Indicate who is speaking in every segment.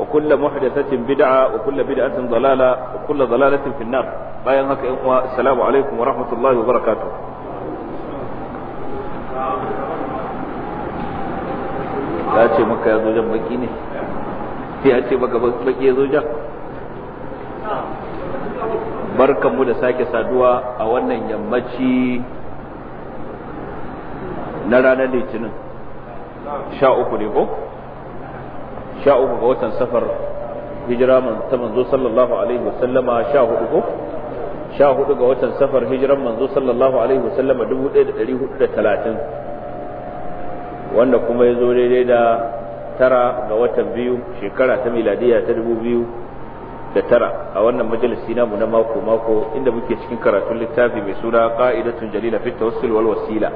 Speaker 1: وكل محدثة بدعة وكل بدعة ضلالة وكل ضلالة في النار باين هكا إخوة السلام عليكم ورحمة الله وبركاته
Speaker 2: ya ce maka ya
Speaker 1: zo jan baki ne ya ce maka baki ya zo jan barkanmu da sake saduwa a wannan yammaci na ranar litinin sha uku ne ko? sha uku ga watan safar hijira ta manzo sallallahu alaihi wasallama sha hudu ko sha hudu ga watan safar hijiran manzo sallallahu alaihi wasallama dubu ɗaya da ɗari hudu da talatin wanda kuma ya zo daidai da tara ga watan biyu shekara ta miladiya ta dubu biyu da tara a wannan majalisi namu na mako mako inda muke cikin karatun littafi mai suna ka'idatun jalila fit tawassul wal wasila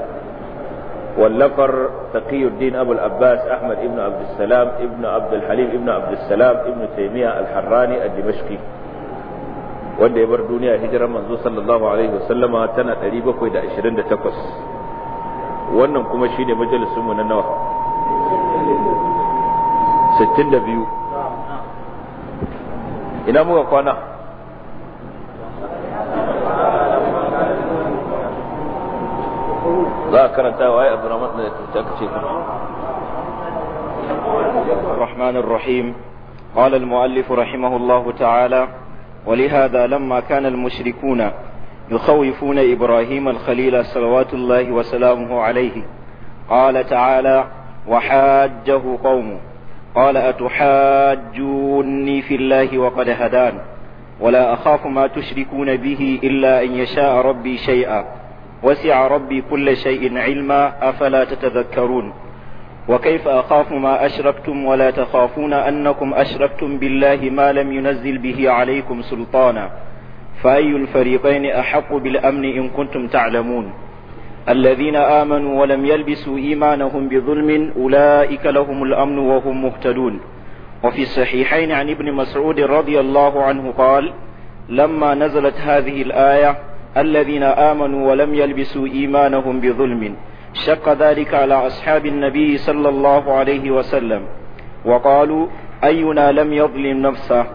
Speaker 1: واللفر تقي الدين أبو العباس أحمد ابن عبد السلام ابن عبد الحليم ابن عبد السلام ابن تيمية الحراني الدمشقي wanda ya bar duniya hijirar manzo sallallahu alaihi wasallama tana 728 wannan kuma shine majalisunmu na nawa 62 ina muka kwana za a
Speaker 3: الرحمن الرحيم قال المؤلف رحمه الله تعالى ولهذا لما كان المشركون يخوفون إبراهيم الخليل صلوات الله وسلامه عليه قال تعالى وحاجه قومه قال أتحاجوني في الله وقد هدان ولا أخاف ما تشركون به إلا أن يشاء ربي شيئا وسع ربي كل شيء علما أفلا تتذكرون وكيف أخاف ما أشركتم ولا تخافون أنكم أشركتم بالله ما لم ينزل به عليكم سلطانا فأي الفريقين أحق بالأمن إن كنتم تعلمون الذين آمنوا ولم يلبسوا إيمانهم بظلم أولئك لهم الأمن وهم مهتدون وفي الصحيحين عن ابن مسعود رضي الله عنه قال لما نزلت هذه الآية الذين آمنوا ولم يلبسوا إيمانهم بظلم شق ذلك على أصحاب النبي صلى الله عليه وسلم وقالوا أينا لم يظلم نفسه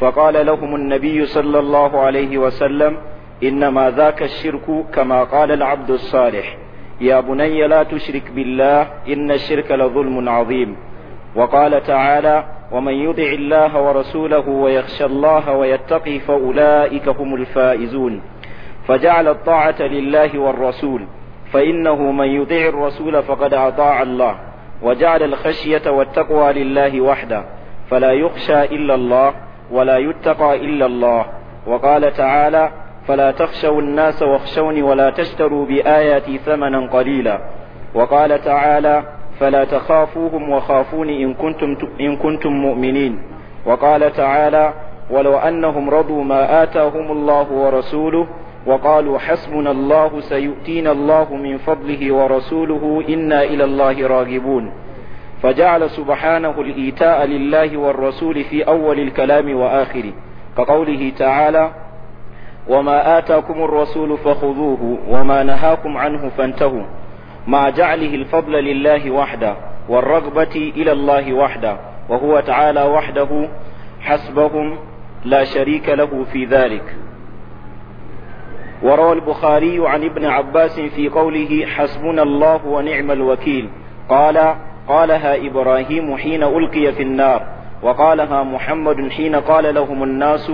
Speaker 3: فقال لهم النبي صلى الله عليه وسلم إنما ذاك الشرك كما قال العبد الصالح يا بني لا تشرك بالله إن الشرك لظلم عظيم وقال تعالى ومن يطع الله ورسوله ويخشى الله ويتقي فأولئك هم الفائزون فجعل الطاعة لله والرسول فإنه من يطيع الرسول فقد أطاع الله وجعل الخشية والتقوى لله وحده فلا يخشى إلا الله ولا يتقى إلا الله وقال تعالى فلا تخشوا الناس واخشوني ولا تشتروا بآياتي ثمنا قليلا وقال تعالى فلا تخافوهم وخافوني إن كنتم, إن كنتم مؤمنين وقال تعالى ولو أنهم رضوا ما آتاهم الله ورسوله وقالوا حسبنا الله سيؤتينا الله من فضله ورسوله إنا إلى الله راغبون فجعل سبحانه الإيتاء لله والرسول في أول الكلام وآخره كقوله تعالى وما آتاكم الرسول فخذوه وما نهاكم عنه فانتهوا مع جعله الفضل لله وحده والرغبة إلى الله وحده وهو تعالى وحده حسبهم لا شريك له في ذلك وروى البخاري عن ابن عباس في قوله حسبنا الله ونعم الوكيل قال قالها إبراهيم حين ألقي في النار وقالها محمد حين قال لهم الناس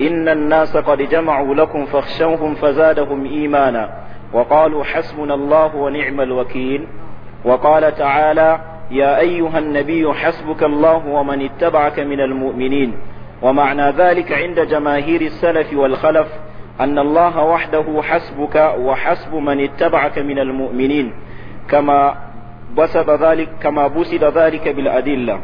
Speaker 3: إن الناس قد جمعوا لكم فاخشوهم فزادهم إيمانا وقالوا حسبنا الله ونعم الوكيل وقال تعالى يا أيها النبي حسبك الله ومن اتبعك من المؤمنين ومعنى ذلك عند جماهير السلف والخلف أن الله وحده حسبك وحسب من اتبعك من المؤمنين كما بسط ذلك كما بسط ذلك بالأدلة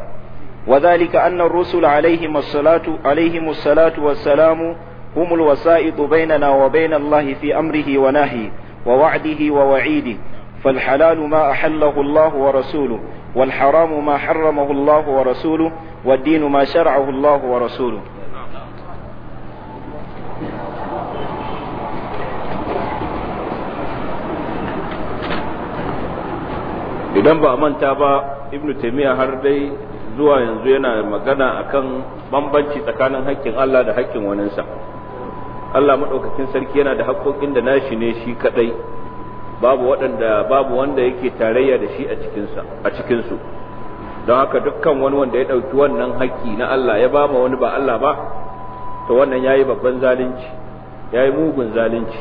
Speaker 3: وذلك أن الرسل عليهم الصلاة عليهم الصلاة والسلام هم الوسائط بيننا وبين الله في أمره ونهيه ووعده ووعيده فالحلال ما أحله الله ورسوله والحرام ما حرمه الله ورسوله والدين ما شرعه الله ورسوله
Speaker 1: idan ba manta ba ibnu taimiyya har dai zuwa yanzu yana magana akan bambanci tsakanin haƙƙin Allah da haƙƙin waninsa Allah maɗaukakin sarki yana da haƙƙoƙin da nashi ne shi kaɗai babu waɗanda babu wanda yake tarayya da shi a cikinsu don haka dukkan wani wanda ya ɗauki wannan haƙƙi na Allah ya ba wani ba Allah ba to wannan ya yi babban zalunci ya yi mugun zalunci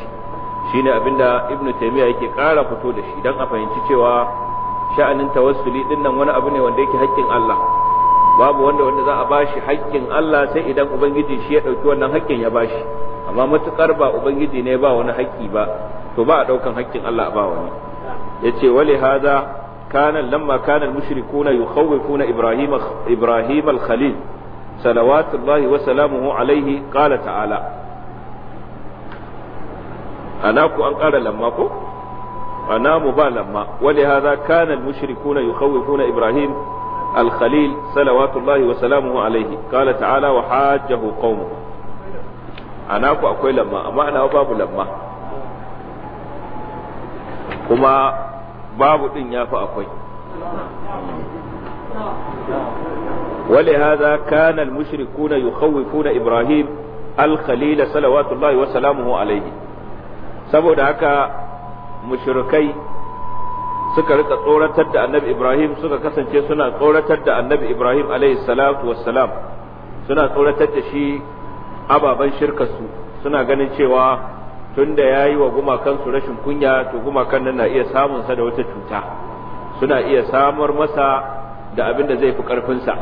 Speaker 1: shine abinda ibnu taimiyya yake ƙara fito da shi don a fahimci cewa sha'anin tawassuli din nan wani abu ne wanda yake haƙƙin Allah babu wanda wanda za a bashi haƙƙin Allah sai idan ubangiji shi ya ɗauki wannan haƙƙin ya bashi amma matukar ba ubangiji ne ba wani haƙƙi ba to ba a ɗaukan haƙƙin Allah ba wani yace wali hada kana lamma kana mushrikuna yukhawifuna ibrahim ibrahim al-khalil salawatullahi wa salamuhu alaihi qala ta'ala ana ku an ƙara lamma ko أنام بالما ولهذا كان المشركون يخوفون إبراهيم الخليل صلوات الله وسلامه عليه قال تعالى وحاجه قومه أناكو أكوي لما أما أنا باب لما كما باب إن يافا أكوي ولهذا كان المشركون يخوفون إبراهيم الخليل صلوات الله وسلامه عليه saboda haka mushrikai suka rika tsoratar da annabi ibrahim suka kasance suna tsoratar da annabi ibrahim alaihi salatu wassalam suna tsoratar da shi ababen shirkarsu suna ganin cewa tunda ya yi wa gumakansu rashin kunya to gumakan nan na iya samunsa da wata cuta suna iya samar masa da abin da zai fi ƙarfinsa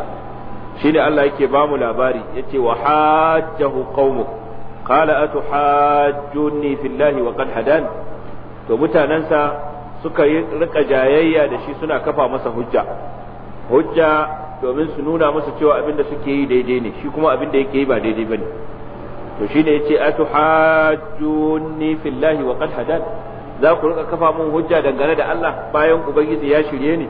Speaker 1: shi ne Allah yake ba mu labari ya ce wa hajjahu qaumu qala atuhajjuni fillahi wa qad hadani to mutanensa suka yi rika jayayya da shi suna kafa masa hujja hujja domin su nuna masa cewa abin da suke yi daidai ne shi kuma abin da yake yi ba daidai bane to shine yace atuhajjuni fillahi wa qad hadan za ku rika kafa mun hujja dangane da Allah bayan ubangiji ya shirye ni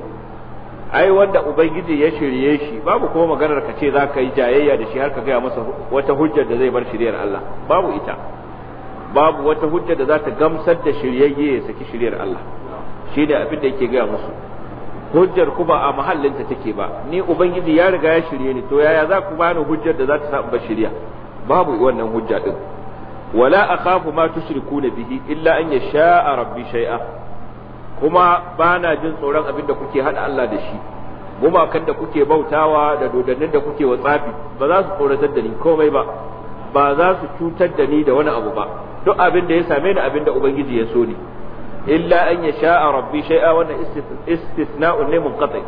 Speaker 1: ai wanda ubangiji ya shirye shi babu kuma maganar ka ce za ka yi jayayya da shi har ka gaya masa wata hujjar da zai bar shiryar Allah babu ita babu wata hujja da za ta gamsar da shiryayye ya saki shiryar Allah shi ne abin da yake gaya musu hujjar ku ba a ta take ba ni ubangiji ya riga ya shirye ni to yaya za ku bani hujjar da za ta samu ba shirya babu wannan hujja din wala akhafu ma tushrikuna bihi illa an yasha rabbi shay'a kuma bana jin tsoron abin da kuke hada Allah da shi gumakan da kuke bautawa da dodannin da kuke wa tsafi ba za su tsoratar da ni komai ba ba za su cutar da ni da wani abu ba duk abin da ya same ni abin da ubangiji ya so ni illa an ya sha'a rabbi shay'a wannan istisna'un ne munqati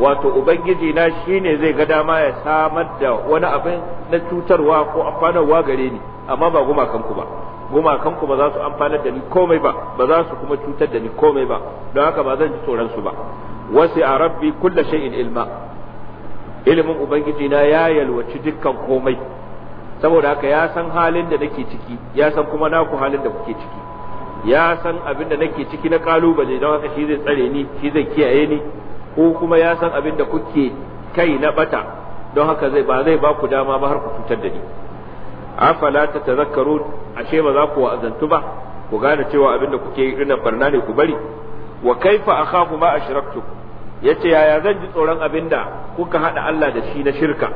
Speaker 1: wato ubangiji na shine zai ga dama ya samar da wani abin na cutarwa ko wa gare ni amma ba ku ba ku ba za su amfanar da ni komai ba ba za su kuma cutar da ni komai ba don haka ba zan ji tsoron su ba wasi a rabbi kulla shay'in ilma ilimin ubangiji na ya yalwaci dukkan komai saboda haka ya san halin da nake ciki ya san kuma naku halin da kuke ciki ya san abin da nake ciki na kalubale don haka shi zai tsare ni shi zai kiyaye ni ko kuma ya san abin da kuke kai na bata don haka zai ba zai ba ku dama ba har ku cutar da ni afala ta tazakkaru ashe ba za ku wa'azantu ba ku gane cewa abin da kuke yi dinnan barna ne ku bari wa kaifa akhafu ma ashraktu yace yaya zan ji tsoron abin da kuka hada Allah da shi na shirka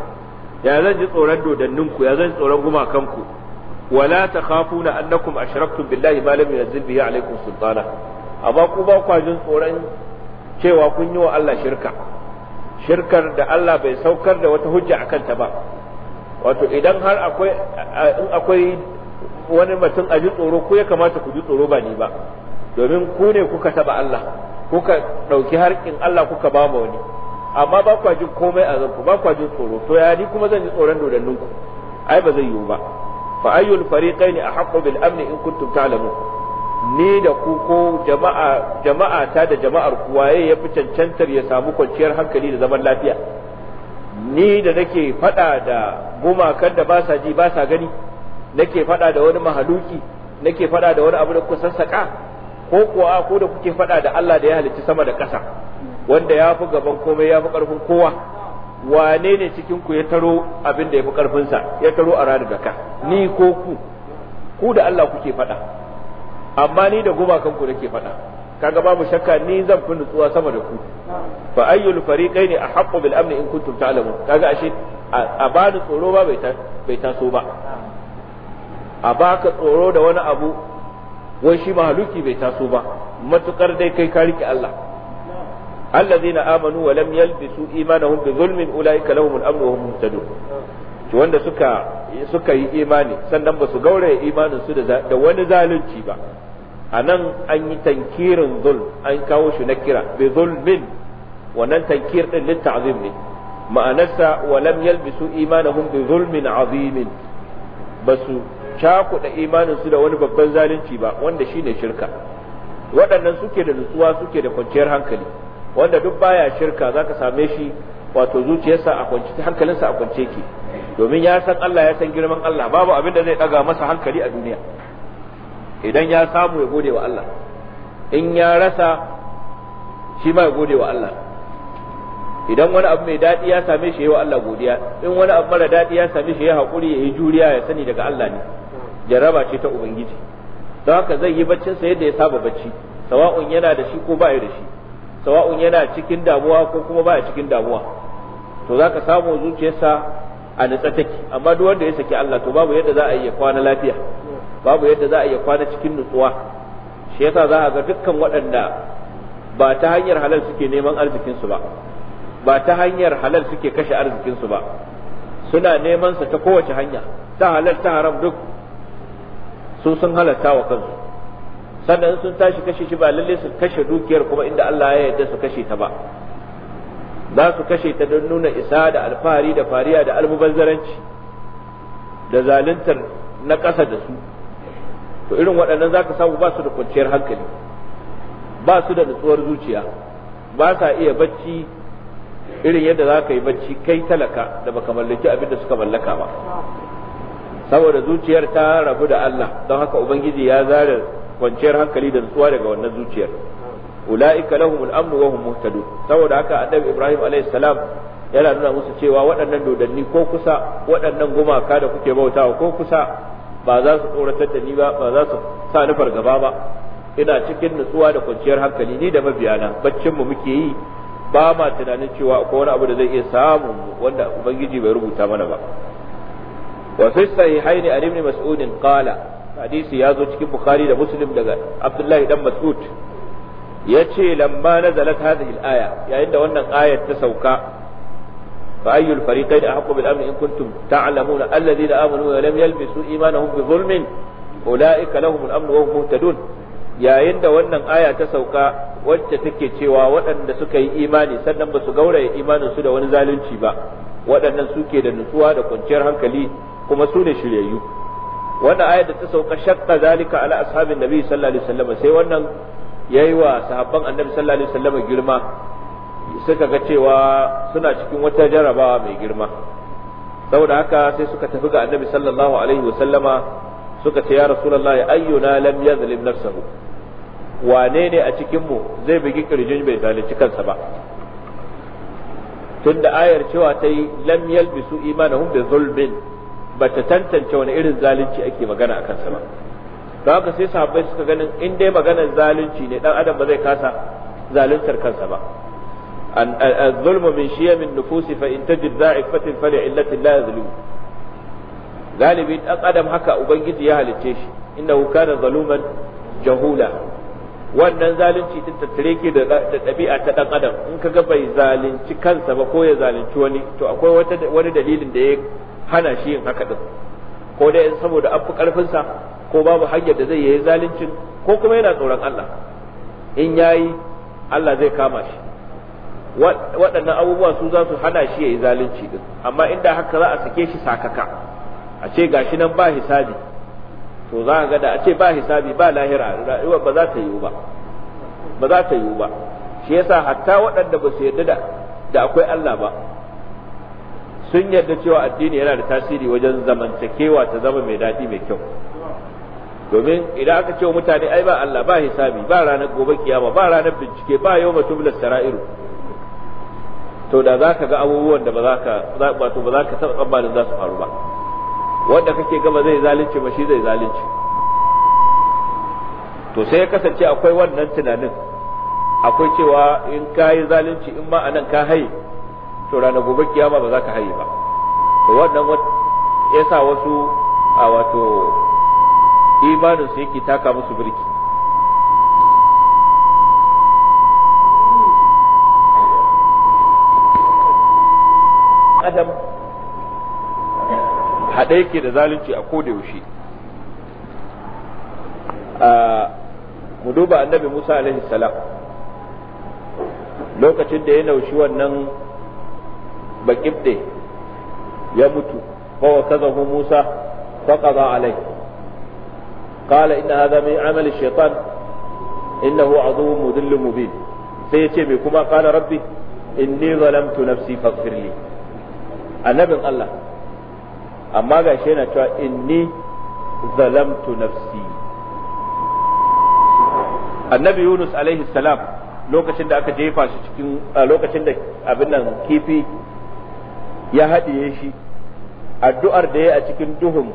Speaker 1: ya zan ji tsoron dodanninku ya zan tsoron gumakan gumakanku wala ta na annakum ashraktum billahi ma lam yunzil bihi alaykum sultana amma ku ba jin tsoron cewa kun yi wa Allah shirka shirkar da Allah bai saukar da wata hujja akan ta ba wato idan har akwai in akwai wani mutum a ji tsoro ku ya kamata ku ji tsoro ba ni ba domin ku ne kuka taba Allah kuka ɗauki harkin Allah kuka ba wani amma ba kwa jin komai a zanku ba kwa jin tsoro to ya ni kuma zan ji tsoron dodannin ku ai ba zai yiwu ba fa ayyul fariqaini ahqqu bil amn in kuntum ta'lamun ni da ku ko jama'a jama'a ta da jama'ar ku waye ya fi cancantar ya samu kwanciyar hankali da zaman lafiya ni da nake fada da gumakan da ba sa ji ba sa gani nake fada da wani mahaluki nake fada da wani abu da kuka sassaka ko kuwa ko da kuke fada da Allah da ya halicci sama da ƙasa wanda ya fi gaban komai ya fi karfin kowa wane ne cikin ku ya taro abin da ya fi ƙarfinsa ya taro a ranar da ka ni ko ku ku da Allah kuke faɗa amma ni da guba ku nake faɗa kaga babu shakka ni zan fi nutsuwa sama da ku fa ayyul fariqain ahqqu bil amn in kuntum ta'lamun kaga ashe a ba da tsoro ba bai taso ba a baka tsoro da wani abu wai shi mahaluki bai taso ba matukar dai kai ka rike Allah allazina amanu wa lam yalbisu imanahum bi zulmin ulaika lahumul amnu wa hum muhtadun to wanda suka suka yi imani sannan ba su gauraya imanin su da wani zalunci ba a nan an yi tankirin zulm an kawo shi na kira bi zulmin wannan tankir din litta'zim ne ma'anarsa wa lam yalbisu imanahum bi zulmin azimin ba su cakuɗa imanin su da wani babban zalunci ba wanda shine shirka waɗannan suke da nutsuwa suke da kwanciyar hankali wanda duk baya shirka zaka same shi wato zuciyarsa a kwance hankalinsa a kwance ke domin ya san Allah ya san girman Allah babu abin da zai daga masa hankali a duniya idan ya samu ya gode wa Allah in ya rasa shi ma ya gode wa Allah idan wani abu mai daɗi ya same shi wa Allah godiya in wani abu mara daɗi ya same shi ya haƙuri ya yi juriya ya sani daga Allah ne jaraba ce ta ubangiji don haka zai yi baccin sa yadda ya saba bacci sawa'un yana da shi ko ba ya da shi sawa'un yana cikin damuwa ko kuma baya cikin damuwa to zaka samu zuciyarsa a natsa take amma duk wanda ya saki Allah to babu yadda za a iya kwana lafiya babu yadda za a iya kwana cikin nutsuwa shi yasa za a ga dukkan waɗanda ba ta hanyar halal suke neman arzikinsu ba ba ta hanyar halal suke kashe arzikinsu ba suna neman sa ta kowace hanya ta halal ta haram duk su sun halatta wa kansu sannan sun tashi kashe shi ba lalle su kashe dukiyar kuma inda Allah ya yarda su kashe ta ba za su kashe ta don nuna isa da alfahari da fariya da almubazzaranci da zaluntar na ƙasa da su to irin waɗannan za ka samu ba su da kwanciyar hankali ba su da nutsuwar zuciya ba sa iya bacci irin yadda za ka yi bacci kai talaka da baka mallaki abin da suka mallaka ba saboda zuciyar ta rabu da Allah don haka ubangiji ya zara kwanciyar hankali da nutsuwa daga wannan zuciyar ula'ika lahum al-amru wa hum muhtadun saboda haka annabi ibrahim alayhi salam yana nuna musu cewa waɗannan dodanni ko kusa waɗannan gumaka da kuke bautawa ko kusa ba za su tsoratar da ni ba ba za su sa ni fargaba ba ina cikin nutsuwa da kwanciyar hankali ni da mabiyana baccin mu muke yi ba ma tunanin cewa akwai wani abu da zai iya samu wanda ubangiji bai rubuta mana ba wa fi sahihaini an ibn mas'ud qala hadisi ya zo cikin bukhari da muslim daga abdullahi dan mas'ud ya ce lamma nazalat hadhihi al-aya yayin da wannan ayar ta sauka fa ayyul fariqayn ahqqu bil amn in kuntum ta'lamuna alladhina amanu wa lam yalbisu imanahum bi zulmin ulaika lahum al-amn wa hum muhtadun yayin da wannan aya ta sauka wacce take cewa waɗanda suka yi imani sannan ba su gauraya imanin su da wani zalunci ba waɗannan suke da nutsuwa da kwanciyar hankali kuma su ne shiryayyu wannan ayat da ta sauka shakka zalika ala ashabin nabi sallallahu alaihi wasallam sai wannan yayi wa sahabban annabi sallallahu alaihi wasallam girma suka ga cewa suna cikin wata jarabawa mai girma saboda haka sai suka tafi ga annabi sallallahu alaihi wasallama suka ce ya rasulullahi ayyuna lam yazlim nafsahu wane ne a cikin mu zai bugi kirjin bai zalunci kansa ba tunda ayar cewa ta yi lam yalbisu imanahum bi zulmin ba ta tantance wani irin zalunci ake magana a kansa ba don haka sai sahabbai suka ganin in dai maganar zalunci ne dan adam ba zai kasa zaluntar kansa ba zulmu min الظلم من شيم النفوس فإن تجد ذا عفة فلعلة لا يظلم galibi dan adam haka ubangiji ya halicce shi innahu kana zaluman jahula wannan zalunci din tattare ke da ɗabi'a ta dan adam in kaga bai zalunci kansa ba ko ya zalunci wani to akwai wani dalilin da ya hana shi yin haka din ko dai saboda an fi karfinsa ko babu hanyar da zai yi zaluncin ko kuma yana tsoron Allah in yayi Allah zai kama shi waɗannan abubuwa su za su hana shi ya yi zalunci din amma inda haka za a sake shi sakaka a ce gashi nan ba hisabi to za ga da a ce ba hisabi ba lahira rayuwar ba za ta yiwu ba ba za ta yiwu ba shi yasa hatta waɗanda ba su yarda da akwai Allah ba sun yarda cewa addini yana da tasiri wajen zamantakewa ta zama mai daɗi mai kyau domin idan aka ce mutane ai ba Allah ba hisabi ba ranar gobe kiyama ba ranar bincike ba yau mutum sara'iru to da za ka ga abubuwan da ba za ka wato ba za ka taɓa tsammanin za su faru ba wanda kake gama zai zalunci ba shi zai zalunci to sai ya kasance akwai wannan tunanin akwai cewa in ka yi zalunci in ma anan ka haye to rana gobe kiyama ba za ka haye ba to wannan ya sa wasu a wato imanin su yake taka musu birki adam haɗe yake da zalunci a ko da yaushe mu duba annabi musa alaihi salam lokacin da ya naushi wannan bakibde ya mutu fa wakazahu Musa fa qada alai qala inna hadha min amali shaytan innahu aduwwun mudillun mubin sai ya ce me kuma qala rabbi inni zalamtu nafsi faghfir li annabin Allah amma ga gashi yana cewa inni zalamtu nafsi annabi Yunus alaihi salam lokacin da aka jefa shi cikin lokacin da abin nan kifi ya haɗiye shi addu'ar da ya a cikin duhun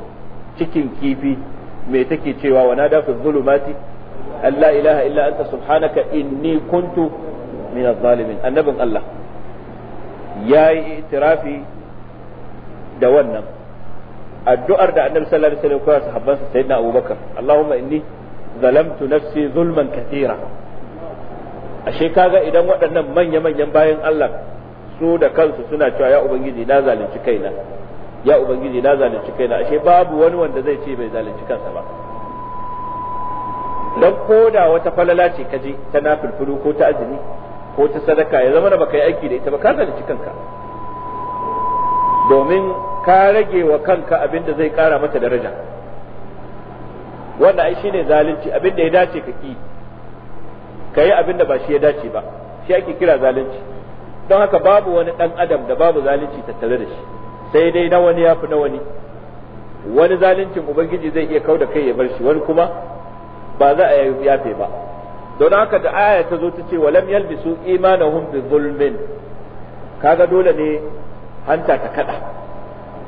Speaker 1: cikin kifi me take cewa wa nada fi zulumati allah ilaha illa anta subhanaka inni kuntu min adh annabin Allah yayi itirafi da wannan addu'ar da annabi sallallahu alaihi wasallam ya sahabban sayyidina Abubakar Allahumma inni zalamtu nafsi zulman katira ashe kaga idan waɗannan manya-manyan bayan Allah su da kansu suna cewa ya ubangiji na zalunci kaina ya ubangiji na zalunci kaina ashe babu wani wanda zai ce bai zalunci kansa ba dan koda wata falala ce kaje ta nafilfilu ko ta azumi ko ta sadaka ya zama da baka yi aiki da ita ba ka zalunci kanka domin ka rage wa kanka abin da zai kara mata daraja wannan ai shine zalunci abin da ya dace ka ki ka yi abin da ba shi ya dace ba shi ake kira zalunci don haka babu wani ɗan adam da babu zalunci tattare da shi sai dai na wani ya fi na wani wani zaluncin ubangiji zai iya da kai ya bar shi wani kuma ba za a yafe ba don haka da aya ta zo ta ce walam yalbisu imanahum bi zulmin kaga dole ne hanta ta kada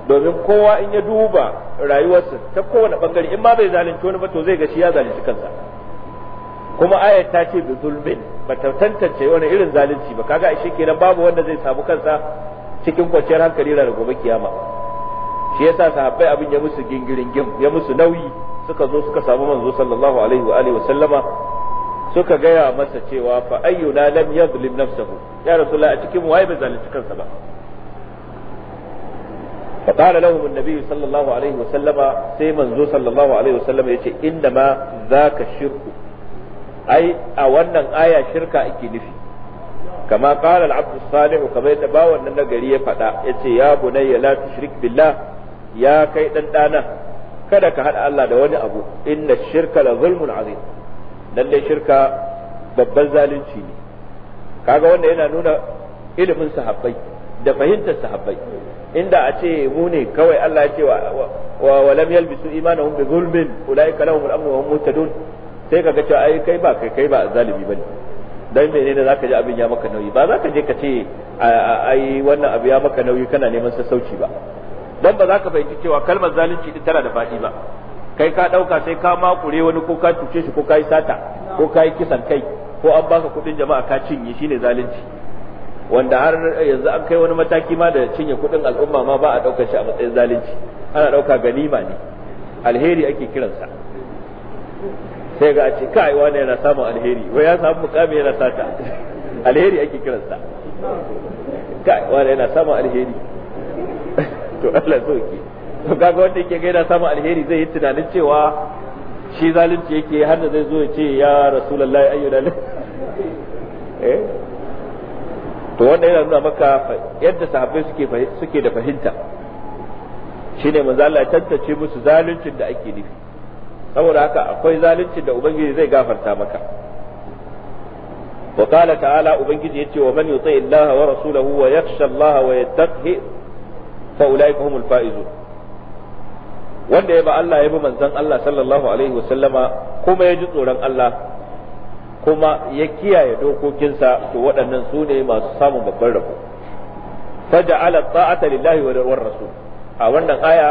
Speaker 1: domin kowa in ya duba rayuwarsa ta kowane bangare in ma bai zalunci wani ba to zai ga shi ya zalunci kansa kuma ayat ta ce bi zulmin ba ta tantance wani irin zalunci ba kaga ashe kenan babu wanda zai samu kansa cikin kwanciyar hankali da gobe kiyama shi yasa sahabbai abin ya musu gingirin gim ya musu nauyi suka zo suka samu manzo sallallahu alaihi wa alihi wa sallama suka gaya masa cewa fa ayyuna lam yadhlim nafsahu ya rasulullah a cikin waye bai zalunci kansa ba fa qala lahum annabi sallallahu alaihi wa sallama sai manzo sallallahu alaihi wa sallama yace innama zaka shirku ai a wannan aya shirka ake nufi kama qala al-abd salihu kamar da ba wannan nagari ya faɗa yace ya bunayya la tushrik billah ya kai dan dana kada ka hada Allah da wani abu inna shirka la zulmun azim lalle shirka babban zalunci ne kaga wanda yana nuna ilimin sahabbai da fahimtar sahabbai inda a ce mu ne kawai Allah ya ce wa walam yalbisu imanahum bi zulmin ulai lahum al-amru wa hum sai ka ga cewa ai kai ba kai kai ba zalimi bane dan menene zaka ji abin ya maka nauyi ba zaka je ka ce ai wannan abu ya maka nauyi kana neman sassauci ba dan ba zaka fahimci cewa kalmar zalunci din tana da faɗi ba kai ka dauka sai ka makure wani ko ka tuce shi ko ka yi sata ko ka yi kisan kai ko an baka kudin jama'a ka cinye shine zalunci wanda har yanzu an kai wani mataki ma da cinye kudin al'umma ma ba a daukar shi a matsayin zalunci ana dauka ganima ne alheri ake kiransa sai ga a ce kai wani yana samun alheri wai ya samu mukami yana sata alheri ake kiransa kai wani yana samun alheri to Allah so ke to kaga wanda yake ga yana samun alheri zai yi tunanin cewa shi zalunci yake har da zai zo ya ce ya rasulullahi ayyuna eh to wanda yana nuna maka yadda sahabbai suke suke da fahimta shine manzo Allah ya tantance musu zaluncin da ake nufi saboda haka akwai zalunci da ubangiji zai gafarta maka wa qala ta'ala ubangiji yace wa man yuti Allah wa rasulahu wa yakhsha Allah wa yattaqi fa ulaika humul faizun wanda ya ba Allah ya bi manzon Allah sallallahu alaihi wa sallama kuma ya ji tsoron Allah kuma ya kiyaye dokokinsa to waɗannan su ne masu samun babban rabo faja'ala ta'ata lillahi wa rasul a wannan aya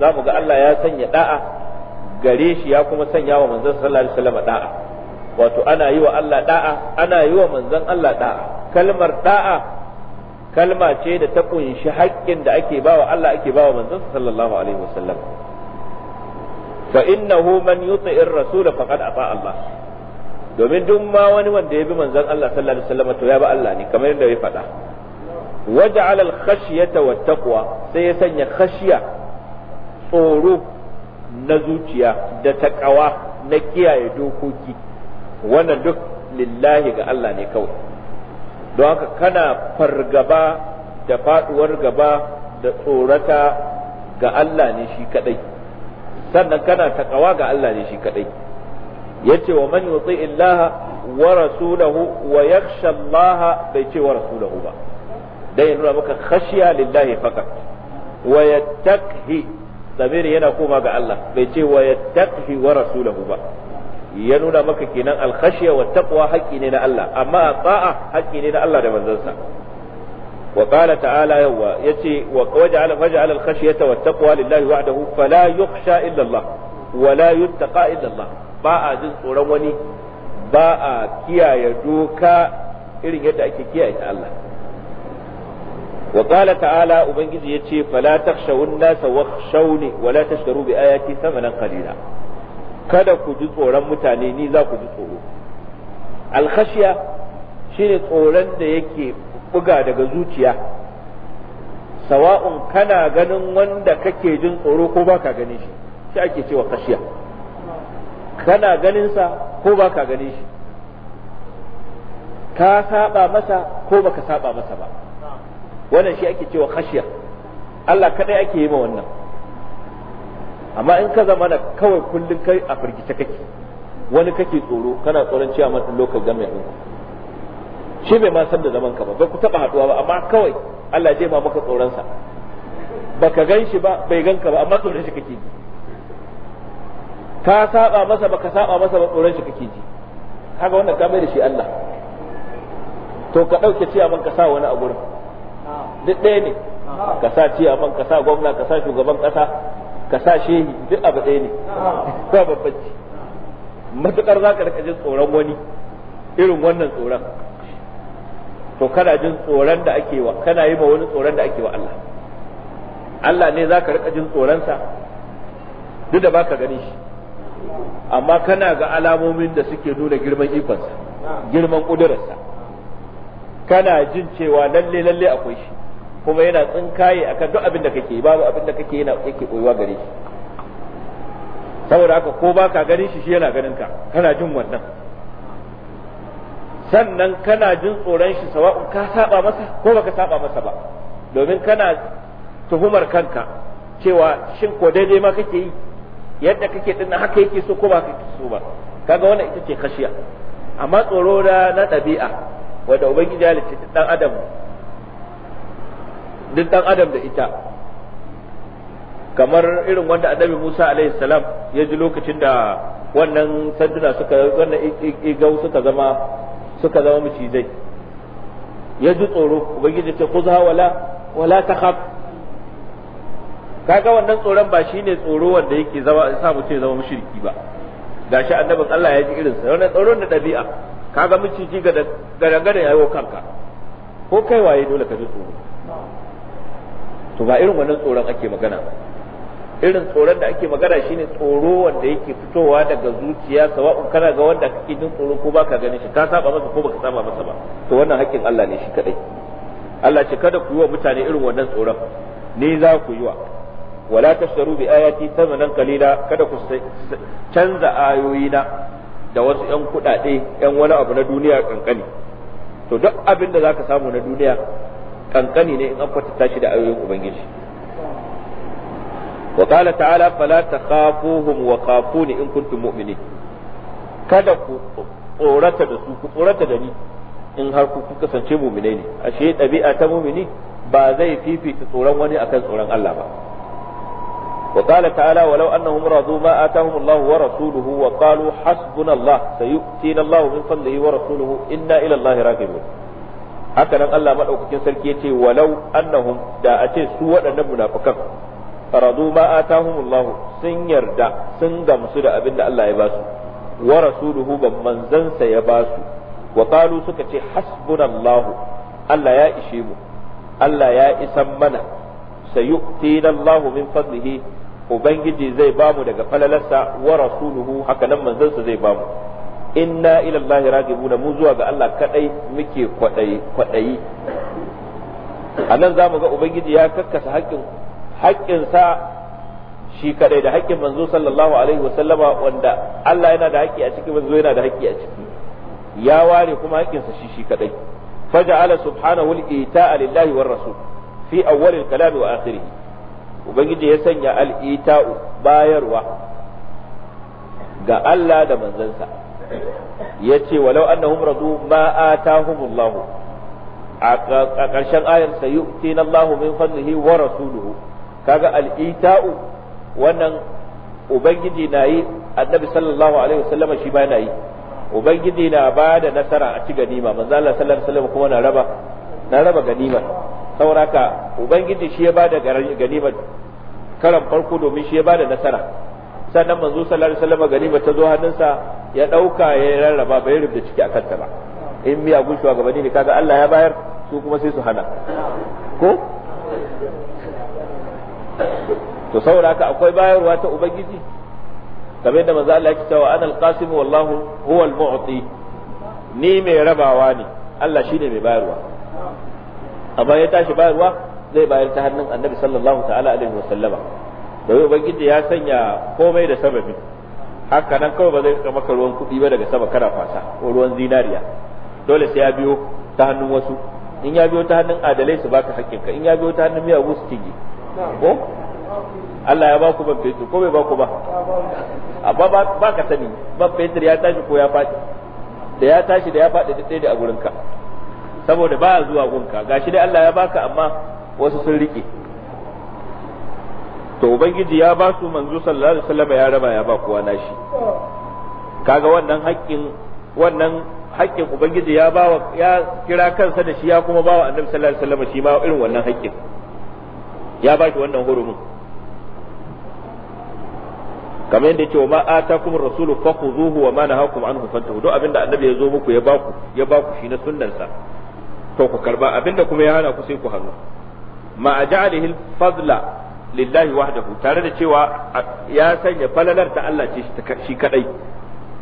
Speaker 1: zamu ga Allah ya sanya da'a gare shi ya kuma sanya wa manzon sallallahu alaihi wasallam da'a wato ana yi wa Allah da'a ana yi wa manzon Allah da'a kalmar da'a kalma ce da ta kunshi haƙƙin da ake bawa Allah ake bawa manzon sallallahu alaihi wasallam fa innahu man yuti'ir rasul faqad ata Allah domin duk ma wani wanda ya bi manzon Allah sallallahu alaihi wasallam to ya bi Allah ne kamar yadda ya faɗa waja'al al-khashyata wat-taqwa sai ya sanya khashiya tsoro na zuciya da taqawa na kiyaye dokoki wannan duk lillahi ga Allah ne kawai don haka kana fargaba da faduwar gaba da tsorata ga Allah ne shi kadai sannan kana taqawa ga Allah ne shi kadai ce wa man yuti illaha wa rasulahu wa yakhsha Allah bai ce wa rasulahu ba dai nuna maka khashiya lillahi fakat wa yattaqi zamiri yana koma ga Allah bai ce wa ya yattaqi wa rasulahu ba ya nuna maka kenan al wa taqwa haƙƙi ne na Allah amma ta'a haƙƙi ne na Allah da manzansa wa qala ta'ala yawa yace wa waja'ala waja'ala al wa taqwa lillahi wahdahu fala yukhsha illa Allah wa la yuttaqa illa Allah ba a jin tsoron wani ba a kiyaye doka irin yadda ake kiyaye ta Allah wa qala ta'ala ubangiji yace fala takhshawun nasa wakhshawni wa la tashtaru bi ayati thamanan qalila kada ku ji tsoron mutane ni za ku ji tsoro alkhashiya shine tsoron da yake buga daga zuciya sawa'un kana ganin wanda kake jin tsoro ko baka ganin shi shi ake cewa khashiya kana ganin sa ko baka ganin shi ka saba masa ko baka saba masa ba wannan shi ake cewa khashiya Allah kadai ake yi ma wannan amma in ka zama da kawai kullum kai a firgice kake wani kake tsoro kana tsoron cewa man lokacin local din shi bai ma san da zaman ka ba ba ku taba haduwa ba amma kawai Allah zai ma maka tsoron sa baka gan shi ba bai gan ka ba amma tsoron shi kake ji ka saba masa baka saba masa ba tsoron shi kake ji kaga wannan ka mai da shi Allah to ka dauke cewa man ka sa wani a gurin duk ɗaya ne ka sa ci a ka sa gwamna ka sa shugaban ƙasa ka sa shehi duk abu ɗaya ne ba babbanci matuƙar za ka jin tsoron wani irin wannan tsoron to kana jin tsoron da ake wa kana yi ma wani tsoron da ake wa Allah Allah ne za ka rika jin tsoronsa duk da baka gani shi amma kana ga alamomin da suke nuna girman ikonsa girman ƙudurarsa kana jin cewa lalle lalle akwai shi kuma yana tsinkaye akan duk abin da kake babu abin da kake yana yake koyuwa gare shi saboda haka ko baka ganin shi shi yana ganin ka kana jin wannan sannan kana jin tsoron shi sawa'un ka saba masa ko baka saba masa ba domin kana tuhumar kanka cewa shin ko daidai ma kake yi yadda kake dinnan haka yake so ko ba kake so ba kaga wannan ita ce kashiya amma tsoro na na ɗabi'a wanda ubangiji ya halicci dan adam duk dan adam da ita kamar irin wanda annabi Musa alaihi salam ya ji lokacin da wannan sanduna suka wannan igau suka zama suka zama mucizai ya ji tsoro ubangiji ce khudha wala wala takhaf kaga wannan tsoron ba shine tsoro wanda yake zama sa mutum zama mushriki ba gashi annabin Allah ya ji irin sa wannan tsoron da dabi'a kaga miciji ga dangane yayi kanka ko kai waye dole ka ji tsoro to ba irin wannan tsoron ake magana ba irin tsoron da ake magana shine tsoro wanda yake fitowa daga zuciya sawa'un kana ga wanda kake jin tsoro ko baka ganin shi ka saba masa ko baka saba masa ba to wannan haƙƙin Allah ne shi kadai Allah ce kada ku yi wa mutane irin wannan tsoron ni za ku yi wa wala tashtaru bi ayati thamanan qalila kada ku canza ayoyina da wasu yan kuɗaɗe yan wani abu na duniya kankani to duk abin da zaka samu na duniya kankani ne in an kwatanta shi da ayoyin ubangiji wa qala ta'ala fala takhafuhum wa khafuni in kuntum mu'minin kada ku tsorata da su ku tsorata da ni in har ku kasance mu'minai ne ashe ɗabi'a ta mu'mini ba zai fifita tsoron wani akan tsoron Allah ba وقال تعالى ولو أنهم رضوا ما آتاهم الله ورسوله وقالوا حسبنا الله سيؤتينا الله من فضله ورسوله إنا إلى الله راغبون haka nan Allah maɗaukakin sarki yace walau annahum da a ce su waɗannan munafukan faradu ma atahumullah sun yarda sun gamsu da abin da Allah ya ba su wa rasuluhu ba manzansa ya ba su wa qalu suka ce hasbunallahu Allah ya ishe mu Allah ya isan mana sayu'tina min fadlihi ubangiji zai bamu daga falalarsa wa rasuluhu haka nan manzansa zai bamu inna ila Allah ragibuna mu zuwa ga Allah kadai muke a nan anan zamu ga ubangiji ya kakkasa haƙƙin haƙƙin sa shi kadai da haƙƙin manzo sallallahu alaihi wasallama wanda Allah yana da haƙƙi a ciki manzo yana da haƙƙi a ciki ya ware kuma haƙƙin sa shi shi kadai faja'ala subhanahu al-ita'a lillahi war rasul fi awwal al-kalam wa akhirih ubangiji ya sanya al-ita'u bayarwa ga Allah da manzansa yace walau annahum radu ma atahumullahu a ƙarshen ayar sa yu'tina Allahu min fadlihi wa rasuluhu kaga al-ita'u wannan ubangiji na yi annabi sallallahu alaihi wasallam shi ba na yi ubangiji na ba da nasara a ci ganima manzo Allah sallallahu alaihi wasallam kuma na raba na raba ganima sauraka ubangiji shi ya ba da ganima karan farko domin shi ya ba da nasara sannan manzo sallallahu alaihi wasallam ganima ta zo hannunsa ya dauka ya rarraba bai rubuta ciki akan ta ba in miya gushuwa gabani ne kaga Allah ya bayar su kuma sai su hana ko to saboda haka akwai bayarwa ta ubangiji kamar yadda manzo Allah yake cewa ana alqasim wallahu huwa almu'ti ni mai rabawa ne Allah shine mai bayarwa amma ya tashi bayarwa zai bayar ta hannun annabi sallallahu ta'ala alaihi wasallama domin ubangiji ya sanya komai da sababi haka nan kawai ba zai kama maka ruwan kuɗi ba daga sama kana fasa ko ruwan zinariya dole sai ya biyo ta hannun wasu in ya biyo ta hannun adalai su baka hakkinka in ya biyo ta hannun miyagun su tigi ko Allah ya baku ban fetur ko bai baku ba amma ba ka sani ban fetur ya tashi ko ya faɗi da ya tashi da ya faɗi duk da a gurinka saboda ba zuwa gunka gashi dai Allah ya baka amma wasu sun rike to ubangiji ya ba su manzo sallallahu alaihi wasallam ya raba ya ba kowa nashi kaga wannan haƙƙin wannan haƙƙin ubangiji ya ba ya kira kansa da shi ya kuma ba wa annabi sallallahu alaihi wasallam shi ma irin wannan haƙƙin ya ba shi wannan hurumin kamar yadda yake wa ma atakum rasulu fakhuzuhu wa ma nahakum anhu fantahu duk abinda annabi ya zo muku ya baku ya baku shi na sunnarsa to ku karba abinda kuma ya hana ku sai ku hannu ma ajalihi fadla lillahi wahdahu tare da cewa ya sanya falalar ta Allah ce shi kadai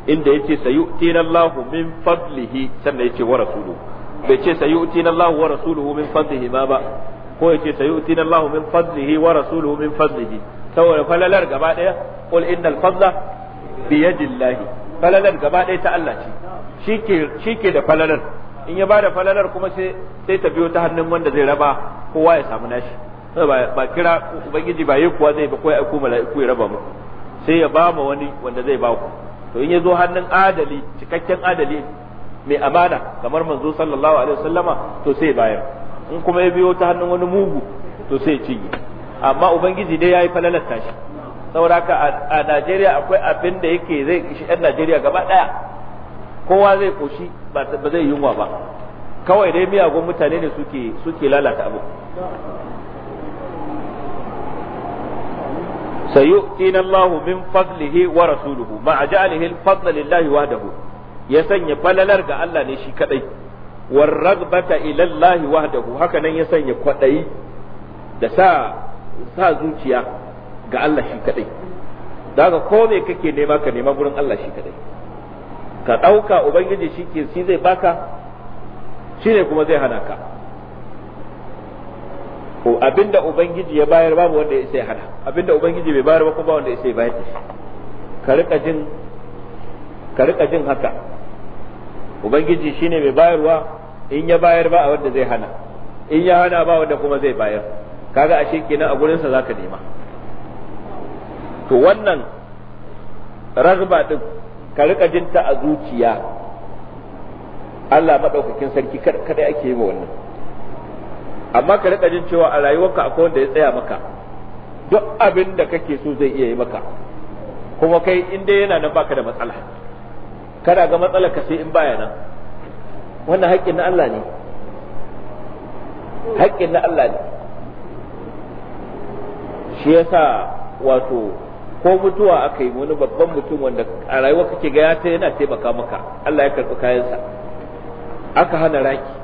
Speaker 1: inda yace sayu'tina Allahu min fadlihi sannan yace wa rasuluhu bai ce sayu'tina Allahu wa rasuluhu min fadlihi ma ba ko yace sayu'tina Allahu min fadlihi wa rasuluhu min fadlihi saboda falalar gaba daya qul innal fadla bi yadillahi falalar gaba daya ta Allah ce shike shike da falalar in ya bada falalar kuma sai sai ta biyo ta hannun wanda zai raba kowa ya samu nashi ba kira ubangiji ba yi kuwa zai ba ko ya aiko mala'iku ya raba muku sai ya ba ma wani wanda zai ba ku to in ya zo hannun adali cikakken adali mai amana kamar manzo sallallahu alaihi wasallama to sai bayar in kuma ya biyo ta hannun wani mugu to sai cinye amma ubangiji dai yayi falalar shi saboda haka a Najeriya akwai abin da yake zai kishi ɗan Najeriya gaba ɗaya kowa zai koshi ba zai yunwa ba kawai dai miyagun mutane ne suke suke lalata abu sayu'tina Allahu min fadlihi wa rasuluhu ma ajalihi al-fadl lillahi wahdahu ya sanya falalar ga Allah ne shi kadai war ragbata ila Allah wahdahu haka nan ya sanya kwadayi da sa sa zuciya ga Allah shi kadai daga ko me kake nema ka nema gurin Allah shi kadai ka dauka ubangiji shi ke shi zai baka shine kuma zai hana ka ko abinda ubangiji ya bayar babu wanda ya sai hana abinda ubangiji bai bayar ba ba wanda ya sai bayar da shi ka rika jin ka rika jin haka ubangiji shine mai bayarwa in ya bayar ba a wanda zai hana in ya hana ba wanda kuma zai bayar kaga ashe kenan a gurin sa zaka nema to wannan ragba din ka rika jin ta a zuciya Allah madaukakin sarki kada ake yi wa wannan amma ka rika jin cewa a rayuwarka akwai wanda ya tsaya maka duk abin da kake so zai iya yi maka kuma kai in dai yana nan baka da matsala kana ga matsala ka sai in baya nan wannan haƙƙin na Allah ne haƙƙin na Allah ne shi yasa wato ko mutuwa aka yi wani babban mutum wanda a rayuwa kake ga ya ta yana taimaka maka Allah ya karɓi kayansa aka hana raki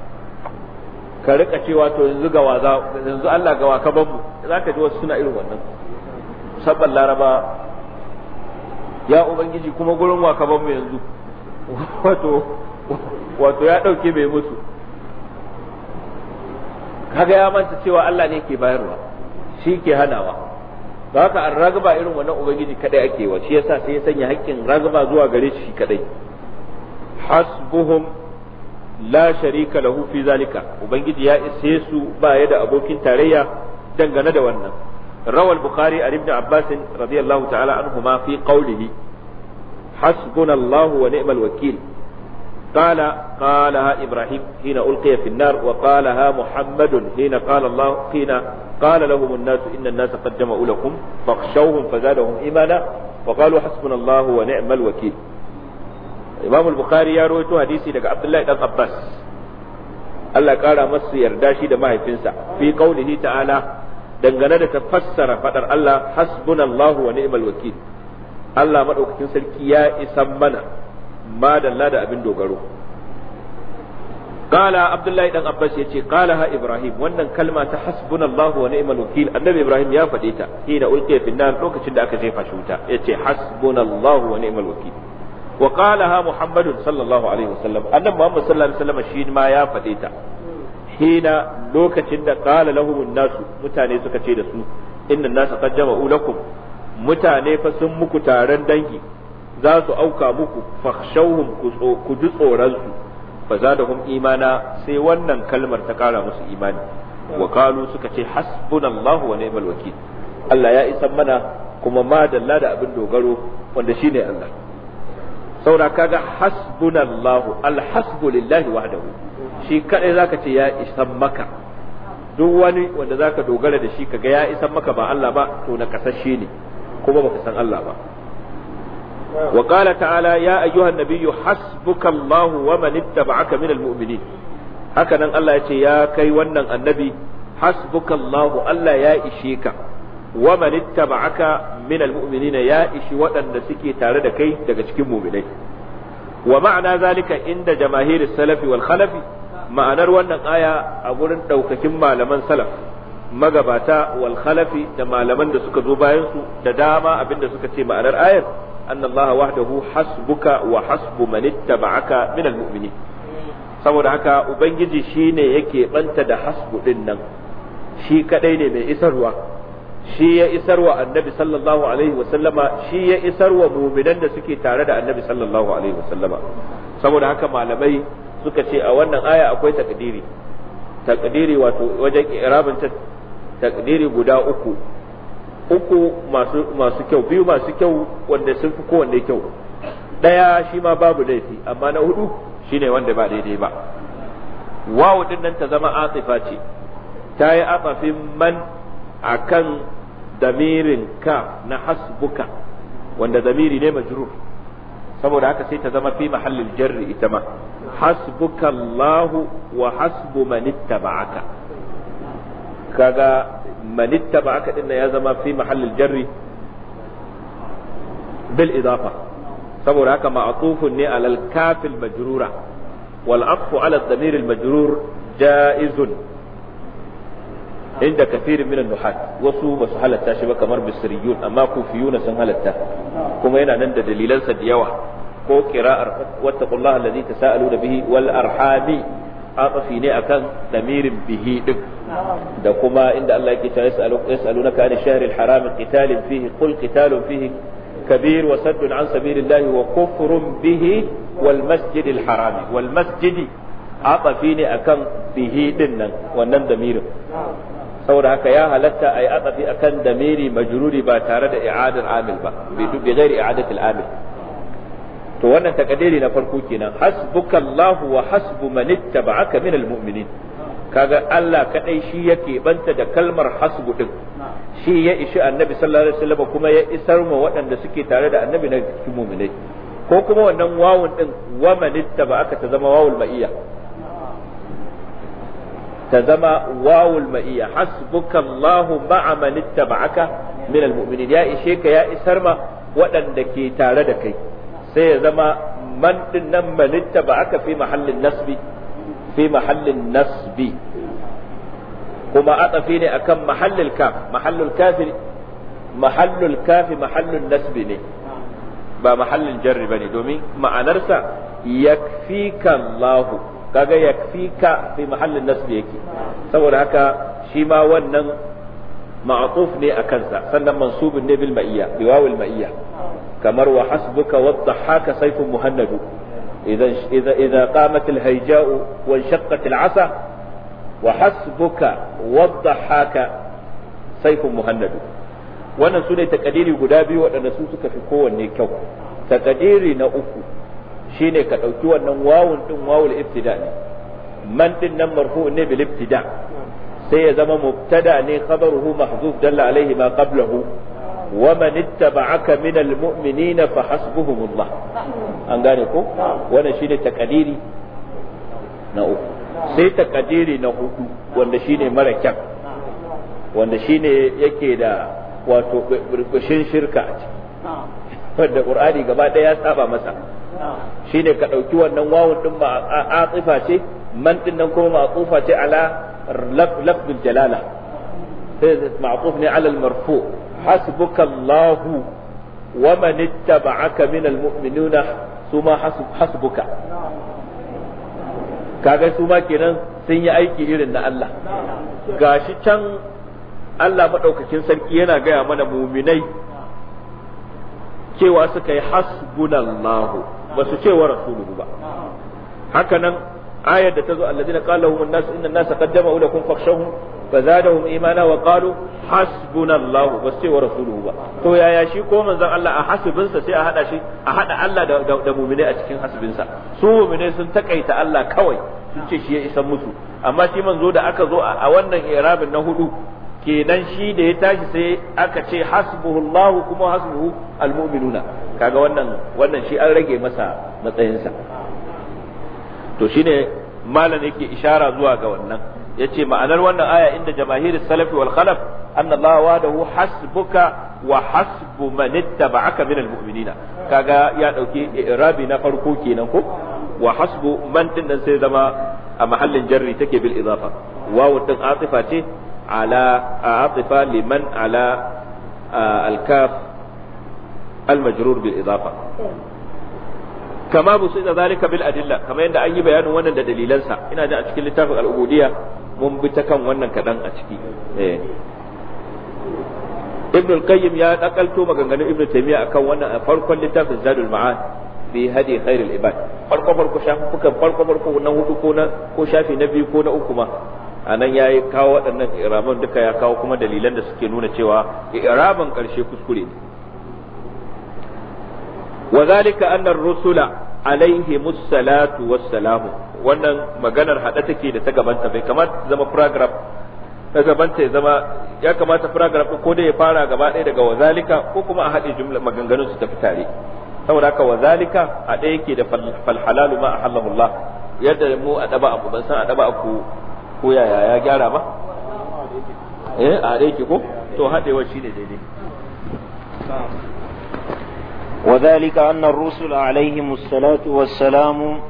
Speaker 1: ka rika cewa to yanzu ga waza yanzu Allah ga waka babu zaka ji wasu suna irin wannan saban laraba ya ubangiji kuma gurin waka babu yanzu wato wato ya dauke bai musu kaga ya manta cewa Allah ne ke bayarwa shi ke hanawa ba haka an ragaba irin wannan ubangiji kadai ake wa shi yasa sai ya sanya haƙƙin ragaba zuwa gare shi kadai hasbuhum la sharika lahu fi zalika ubangiji ya isa su ba da abokin tarayya dangane da wannan rawal bukhari a ibn abbas radiyallahu ta'ala anhuma fi qawlihi hasbuna allah wa ni'mal wakil قال قالها إبراهيم حين ألقي في النار وقالها محمد حين قال الله حين قال لهم الناس إن الناس قد جمعوا لكم فاخشوهم فزادهم إيمانا وقالوا حسبنا الله ونعم imam al-bukhari ya rawaito hadisi daga abdullahi dan abbas Allah kara masa yarda shi da mahaifinsa fi qaulihi ta'ala dangane da tafassara fadar Allah hasbunallahu wa ni'mal wakil Allah madaukakin sarki ya isan mana madalla da abin dogaro قال عبد الله بن عباس يتي قالها ابراهيم wannan kalma ta hasbunallahu wa ni'mal wakil annabi ibrahim ya fade ta hina ulqiya fi nar lokacin da aka jefa shi wuta yace hasbunallahu wa ni'mal wakil wa Muhammadu muhammadun sallallahu alaihi wasallam annabi muhammad sallallahu alaihi wasallam shi ya faɗe ta hina lokacin da qala lahum nasu mutane suka ce da su inna nasa qad jama'u lakum mutane fa sun muku taron dangi za su auka muku fakhshawhum ku ji tsoron su fa zadahum imana sai wannan kalmar ta kara musu imani Wakalu suka ce hasbunallahu wa ni'mal wakil Allah ya isa mana kuma ma dalla da abin dogaro wanda shine Allah saboda kaga hasbunallahu alhasbu lillahi wahdahu shi kadai zaka ce ya isan maka duk wani wanda zaka dogara da shi kaga ya isan maka ba Allah ba to na kasashe ne kuma baka san Allah ba wa qala ta'ala ya ayyuhan nabiyyu hasbukallahu wa man ittaba'aka minal mu'minin haka nan Allah ya ce ya kai wannan annabi hasbukallahu Allah ya ishe ka wa man ittaba'aka min almu'minina ya ishi waɗanda suke tare da kai daga cikin mu'minai wa ma'ana zalika inda jamaahirus salafi wal khalafi ma'anar wannan aya a wurin ɗaukakin malaman salaf magabata wal khalafi da malaman da suka zo bayan su da dama abinda suka ce ma'anar ayar annallaha wahdahu hasbuka wa hasbu man ittaba'aka min almu'minin saboda haka ubangiji shine yake banta da hasbu din nan shi kaɗai ne mai isarwa shi ya isarwa annabi sallallahu alaihi wasallama shi ya isarwa muminan da suke tare da annabi sallallahu alaihi wasallama saboda haka malamai suka ce a wannan aya akwai takdiri takdiri wato wajen irabin ta takdiri guda uku uku masu masu kyau biyu masu kyau wanda sun fi kowanne kyau daya shi ma babu laifi amma na hudu shine wanda ba daidai ba wawu din nan ta zama atifa ce ta yi man akan damirin ka na hasbuka wanda damiri ne majrur saboda haka sai ta zama fi mahallin jarri ita ma hasbuka Allah wa hasbu man ittaba'aka kaga man ittaba'aka din ya zama fi mahallin jarri bil idafa saboda haka ma'tufun ne alal kafil majrura wal aqfu ala damir al majrur jaizun inda kafirin minan nuhat wasu ba su halatta shi ba kamar bisriyun amma kufiyuna sun halatta kuma yana nan da dalilansa da yawa ko qira'ar wattaqullaha allazi tasaaluna bihi wal arhami atafi ne akan damirin bihi din da kuma inda Allah yake cewa yasalunaka an shahril haram qitalin fihi qul qitalun fihi كبير وسد عن سبيل الله وكفر به والمسجد الحرام والمسجد عطفيني أكم به دنا ونم دميره saboda haka ya halatta a yi atsafi a kan damiri majruri ba tare da i'adar amil ba bi ghairi i'adatil amil to wannan takadiri na farko kenan hasbukallahu wa hasbu man ittaba'aka minal mu'minin kaga Allah kadai shi yake banta da kalmar hasbu din shi ya ishi annabi sallallahu alaihi wasallam kuma ya isar ma waɗanda suke tare da annabi na cikin mu'minai ko kuma wannan wawun din wa man ittaba'aka ta zama wawul ma'iyya ta zama wawul ma'iyya hasbuka Allahu ma'a man ittaba'aka min almu'minin ya ishe ka ya isar ma waɗanda ke tare da kai sai ya zama man din nan man ittaba'aka fi mahallin nasbi fi mahallin nasbi kuma atafi ne akan mahallil kaf mahallul kafir mahallul kafi mahallun nasbi ne ba mahallin jarri bane domin ma'anarsa yakfika Allahu kaga ya fi ka fi mahallin nasbi yake saboda haka shi ma wannan ma'tuf ne a kansa sannan mansubun ne bil ma'iyya bi wawil ma'iyya kamar wa hasbuka wadhahaka sayfun muhannadu idan idza idza qamat al hayja'u wa shaqqat al 'asa wa hasbuka wadhahaka sayfun muhannadu wannan su ne takadiri guda biyu waɗanda su suka fi kowanne kyau takadiri na uku shine ka ɗauki wannan wawun ɗin wawul ibtida ne man ɗin nan marfu ne bil ibtida sai ya zama mubtada ne khabaruhu mahzuf dalla alaihi ma qablahu wa man ittaba'aka min al mu'minina fa hasbuhumullah an gane ko wannan shine takadiri na uku sai takadiri na hudu wanda shine mara kyan wanda shine yake da wato burbushin shirka a ciki wanda qur'ani gaba ɗaya ya saba masa Shi ne ka ɗauki wannan wawun ɗin ba a tsifa ce man ɗin nan kuma ma'qufa ce ala lafzul jalala ma'quf ne ala marfu hasbuka Allah wa man ittaba'aka min almu'minuna suma hasbuka kaga su ma kenan sun yi aiki irin na Allah gashi can Allah maɗaukakin sarki yana gaya mana muminai cewa suka yi hasbunallahu ba su ce wa rasuluhu ba haka nan ayar da ta zo alladina qala hum an-nas inna an-nasa qad jama'u lakum fakhshawhum fazadahum imana wa qalu hasbunallahu ba su ce wa rasuluhu ba to yaya shi ko manzon Allah a hasibin sa sai a hada shi a hada Allah da da mu'mine a cikin hasibin sa su mu'mine sun takaita Allah kawai sun ce shi ya isa musu amma shi manzo da aka zo a wannan irabin na hudu kenan shi da ya tashi sai aka ce hasbuhullahu kuma hasbuhu almu'minuna kaga wannan wannan shi an rage masa matsayinsa to shine malam yake ishara zuwa ga wannan yace ma'anar wannan aya inda jamaahirus salafi wal khalaf anna wadahu hasbuka wa hasbu man ittaba'aka min almu'minina kaga ya dauki irabi na farko kenan ko wa hasbu man din nan sai zama a mahallin jarri take bil idafa wawu din atifa ce على عاطفة لمن على الكاف المجرور بالإضافة كما بسيط ذلك بالأدلة كما يندى أي بيان وانا دليلا سا إن جاء أشكي لتافق الأبودية منبتكا وانا كدن أشكي إيه. ابن القيم يا أقلتو مغنغن ابن تيمية أكا وانا فرقا لتافق زاد المعاد fi hadi khairul ibad farko farko shafukan farko farko na hudu ko na ko shafi na biyu ko na uku ma a nan ya yi kawo waɗannan iraman duka ya kawo kuma dalilan da suke nuna cewa iraman ƙarshe kuskure ne wa zalika annar rusula alaihi musallatu wassalamu wannan maganar haɗa take da ta gabanta bai kamata zama paragraph ta gabanta ya zama ya kamata paragraph ko da ya fara gaba ɗaya daga wazalika ko kuma a haɗe jumla maganganun su tafi tare saboda haka wazalika a ɗaya yake da falhalalu ma a Allah yadda mu a daba ku ban san a daba ku. ko yaya ya gyara ba eh a haɗe ko to haɗewa shine daidai وذلك
Speaker 3: أن الرسل عليهم الصلاة والسلام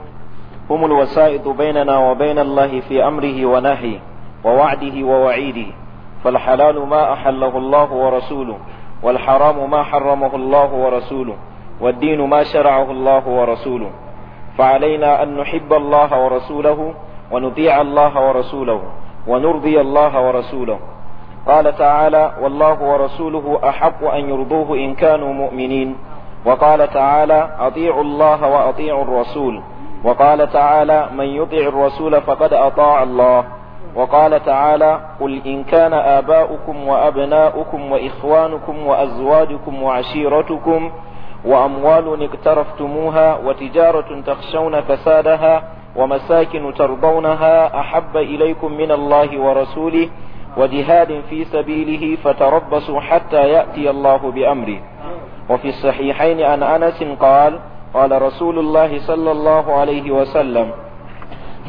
Speaker 3: هم الوسائط بيننا وبين الله في أمره ونهيه ووعده ووعيده فالحلال ما أحله الله ورسوله والحرام ما حرمه الله ورسوله والدين ما شرعه الله ورسوله فعلينا أن نحب الله ورسوله ونطيع الله ورسوله ونرضي الله ورسوله قال تعالى والله ورسوله أحق أن يرضوه إن كانوا مؤمنين وقال تعالى أطيعوا الله وأطيعوا الرسول وقال تعالى من يطع الرسول فقد أطاع الله وقال تعالى قل إن كان آباؤكم وأبناؤكم وإخوانكم وأزواجكم وعشيرتكم وأموال اقترفتموها وتجارة تخشون فسادها ومساكن ترضونها أحب إليكم من الله ورسوله وجهاد في سبيله فتربصوا حتى يأتي الله بأمره وفي الصحيحين عن أنس قال قال رسول الله صلى الله عليه وسلم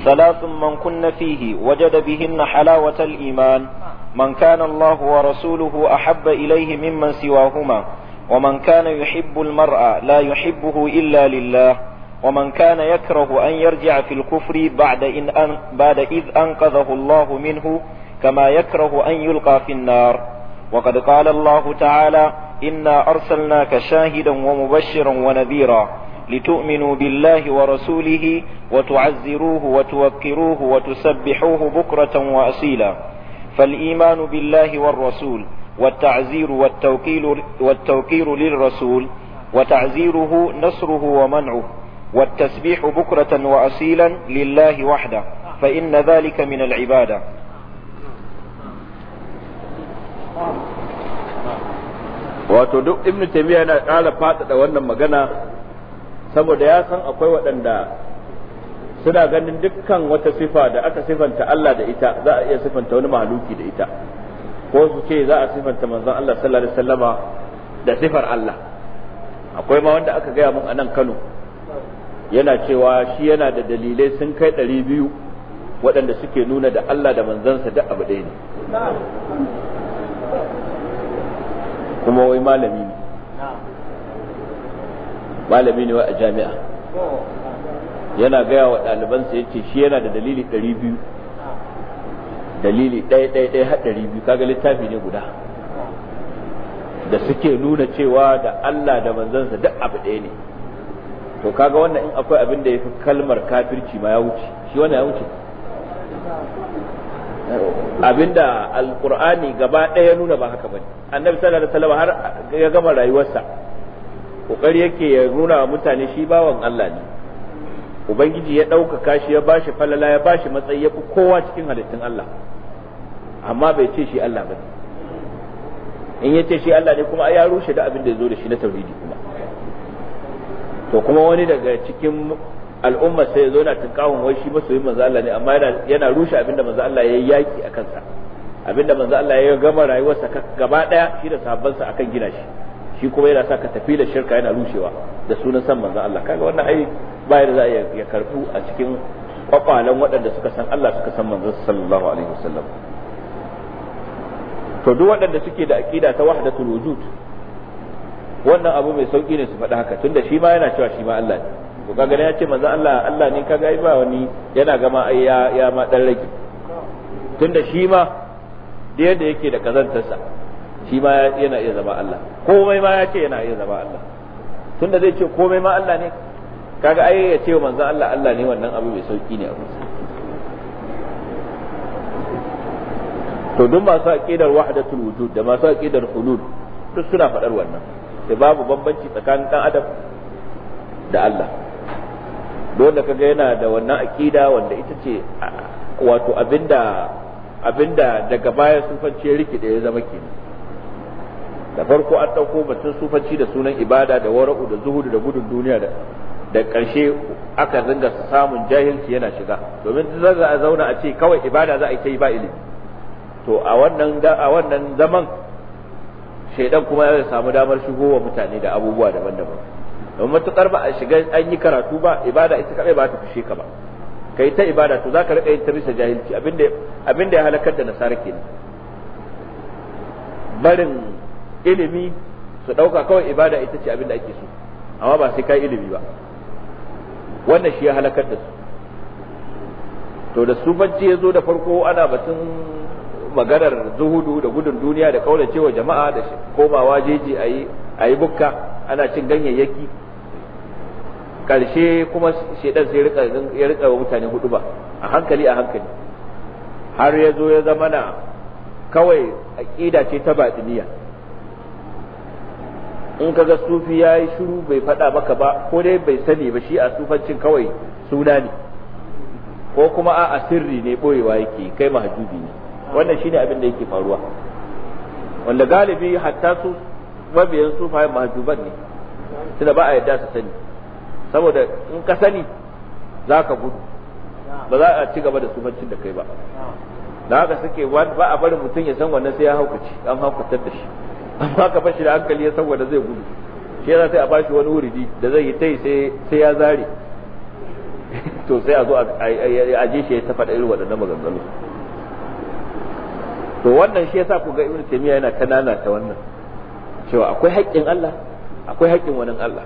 Speaker 3: ثلاث من كن فيه وجد بهن حلاوة الإيمان من كان الله ورسوله أحب إليه ممن سواهما ومن كان يحب المرأة لا يحبه إلا لله ومن كان يكره أن يرجع في الكفر بعد, إن أن بعد إذ أنقذه الله منه كما يكره أن يلقى في النار وقد قال الله تعالى إنا أرسلناك شاهدا ومبشرا ونذيرا لتؤمنوا بالله ورسوله وتعزروه وتوكروه وتسبحوه بكرة وأصيلا فالإيمان بالله والرسول والتعزير والتوكيل, والتوكيل للرسول وتعزيره نصره ومنعه والتسبيح بكرة وأصيلا لله وحده فإن ذلك من العبادة wato duk ibn taymiya
Speaker 1: yana ƙara faɗaɗa wannan magana saboda ya san akwai waɗanda suna ganin dukkan wata sifa da aka sifanta Allah da ita za a iya sifanta wani mahaluki da ita ko su ce za a sifanta manzon Allah sallallahu alaihi wasallama da sifar Allah akwai ma wanda aka gaya mun a nan Kano yana cewa shi yana da dalilai sun kai ɗari biyu waɗanda suke nuna da Allah da manzansa duk abu ɗaya ne kuma wai malami ne malami ne a jami'a yana gaya wa ɗalibansa ya ce shi yana da dalili ɗari biyu dalili ɗaya ɗaya ɗaya har ɗari biyu kaga littafi ne guda da suke nuna cewa da Allah da manzansa duk abu ɗaya ne to kaga wannan in akwai abin da yafi kalmar kafirci ma ya wuce shi wannan ya wuce abinda alqur'ani gaba ɗaya nuna ba haka bane annabi sallallahu alaihi wasallam har ya gama rayuwarsa kokari yake ya nuna wa mutane shi bawan Allah ne ubangiji ya ɗaukaka shi ya bashi falala ya bashi matsayi ya fi kowa cikin halittun Allah amma bai ce shi Allah bane in ya ce shi Allah ne kuma ya rushe da abin da ya zo da shi na tauhidi to kuma wani daga cikin al'umma sai ya zo yana tunkahun wai shi masoyin manzo Allah ne amma yana rushe abinda manzo Allah ya yaki a kansa abinda manzo Allah ya gama rayuwarsa gaba daya shi da sahabbansa akan gina shi shi kuma yana sa ka tafi da shirka yana rushewa da sunan san manzo Allah kaga wannan ai ba yadda za a ya karbu a cikin kwakwalen waɗanda suka san Allah suka san manzo sallallahu alaihi wasallam to duk waɗanda suke da aqida ta wahdatul wujud wannan abu mai sauki ne su faɗi haka tunda shi ma yana cewa shi ma Allah ne to kaga ne ya ce manzo Allah Allah ne kaga ai ba wani yana gama ai ya ya ma dan rage tunda shi ma da yadda yake da kazantarsa shi ma yana iya zama Allah komai ma ya ce yana iya zama Allah tunda zai ce komai ma Allah ne kaga ai ya ce manzo Allah Allah ne wannan abu mai sauki ne abu to duk masu aqidar wahdatul wujud da masu aqidar hulul duk suna faɗar wannan sai babu bambanci tsakanin dan adam da Allah dole kaga yana da wannan akida wanda ita ce wato abinda abinda daga baya sufanci ya da ya zama kenan da farko an ɗauko batun sufanci da sunan ibada da wara'u da zuhudu da gudun duniya da da ƙarshe aka ringa samun jahilci yana shiga domin za a zauna a ce kawai ibada za a yi ta yi ba ilimi to a wannan zaman shaidan kuma ya samu damar shigo wa mutane da abubuwa daban-daban don matukar ba a shiga an yi karatu ba ibada ita kadai ba ta fushe ka ba kai ta ibada to zaka rika yin ta bisa jahilci abinda abinda ya halakar da nasara kenan barin ilimi su dauka kawai ibada ita ce abinda ake so amma ba sai kai ilimi ba wannan shi ya halakar da su to da sufanci ya zo da farko ana batun maganar zuhudu da gudun duniya da kaula cewa jama'a da komawa jeji ayi ayi bukka ana cin ganyayyaki karshe kuma shedan sai rika ya rika wa mutane hudu ba a hankali a hankali har ya zo ya zama na kawai aqida ce ta batiniya in kaga sufi yayi shiru bai faɗa maka ba ko dai bai sani ba shi a sufancin kawai suna ne ko kuma a sirri ne boyewa yake kai mahajubi ne wannan shine abin da yake faruwa wanda galibi hatta su mabiyan sufayen mahajuban ne tunda ba a yadda su sani saboda in ka sani za ka gudu ba za a ci gaba da sufancin da kai ba da haka suke ba a barin mutum ya san wannan sai ya haukaci an haukatar da shi amma ka fashi da hankali ya san wanda zai gudu shi yana sai a bashi wani wuridi da zai yi tai sai ya zare to sai a zo a je shi ya tafa da irin waɗannan maganganu to wannan shi yasa ku ga ibnu taymiya yana kanana ta wannan cewa akwai haƙƙin Allah akwai haƙƙin wani Allah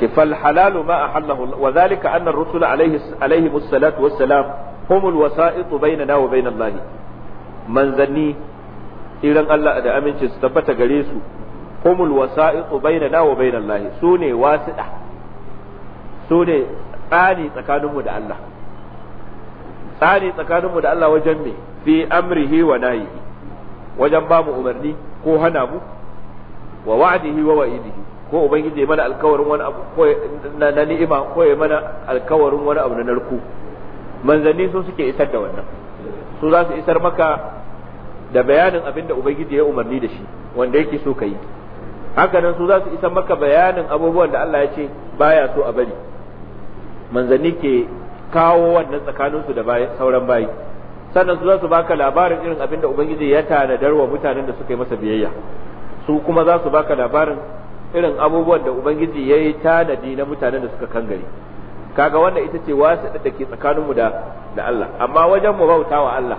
Speaker 1: ce fal halalu ma ahallahu wa zalika anna ar-rusul alayhi alayhi musallatu wassalam humul wasa'itu bainana wa bainal lahi manzanni iran Allah da aminci su tabbata gare su humul wasa'itu bainana wa bainal lahi sune wasiɗa sune tsani tsakaninmu da Allah tsari tsakaninmu da Allah wajen me fi amrihi wa nahihi wajen ba mu umarni ko hana mu wa wa'dihi wa wa'idihi ko ubangiji mana alkawarin wani abu ko na ni'ima ko ya mana alkawarin wani abu na narku. manzanni su suke isar da wannan su za su isar maka da bayanin abin da ubangiji ya umarni da shi wanda yake so ka yi haka nan su za su isar maka bayanin abubuwan da Allah ya ce baya so a bari manzanni ke kawo wannan tsakaninsu da sauran bayi sannan su za su baka labarin irin abin da ubangiji ya tanadar wa mutanen da suka yi masa biyayya su kuma za su baka labarin irin abubuwan da ubangiji ya yi tanadi na mutanen da suka kangare kaga wanda ita ce wasu da ke tsakaninmu da da Allah amma wajen mu bautawa Allah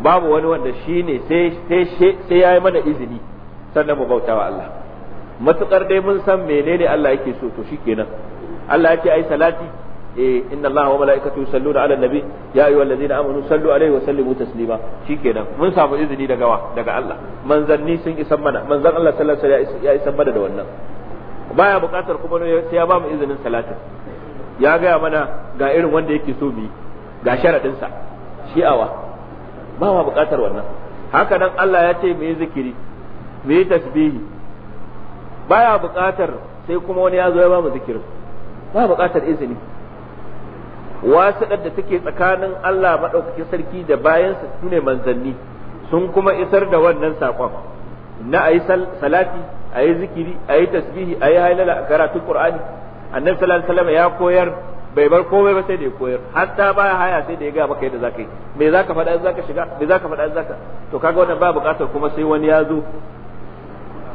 Speaker 1: babu wani wanda shine sai sai yayi mana izini sannan mu bautawa Allah matukar dai mun san menene Allah yake so to shikenan Allah yake ai salati eh inna allaha wa malaikatahu yusalluna ala nabi ya ayyuhallazina amanu sallu alaihi wa sallimu taslima shikenan mun samu izini daga wa daga Allah manzanni sun isan mana manzan Allah sallallahu alaihi wasallam ya isan mana da wannan baya buƙatar kuma sai ya ba mu izinin salatin ya gaya mana ga irin wanda yake so bi
Speaker 3: ga sharaɗinsa
Speaker 1: shi'awa ba ma buƙatar wannan haka nan Allah ya ce mai zikiri mai tasbihi baya buƙatar sai kuma wani ya zo ya ba mu zikirin ba buƙatar izini wasiɗar da take tsakanin Allah maɗaukakin sarki da bayansa su ne manzanni sun kuma isar da wannan saƙon na a yi salati a yi zikiri a yi tasbihi a yi hailala a karatun ƙur'ani annabi sallallahu alaihi ya koyar bai bar komai ba sai da ya koyar hatta baya haya sai da ya ga maka yadda zaka yi me zaka faɗa in zaka shiga me zaka faɗa in zaka to kaga wannan ba buƙatar kuma sai wani ya zo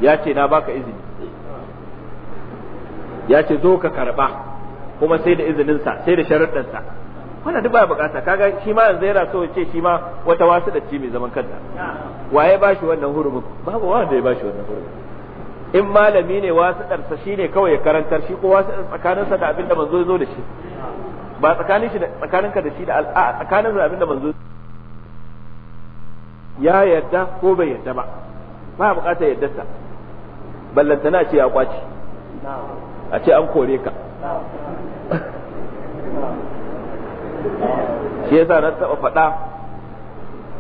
Speaker 1: ya ce na baka izini ya ce zo ka karɓa kuma sai da izininsa sai da sharuɗansa wannan duk baya bukata kaga shi ma yanzu yana so ce shi ma wata wasu da ci mai zaman kanta waye ba shi wannan hurumin babu wanda ya ba shi wannan hurumin in malami ne wasu ɗarsa shi ne kawai ya karantar shi ko wasu tsakanin tsakaninsa da abin da manzo ya zo da shi ba tsakanin shi da tsakaninka da shi da al'a tsakaninsa da abin da manzo ya yarda ko bai yarda ba ba bukatar sa ballantana ce ya kwaci a ce an kore ka shi yasa na taba faɗa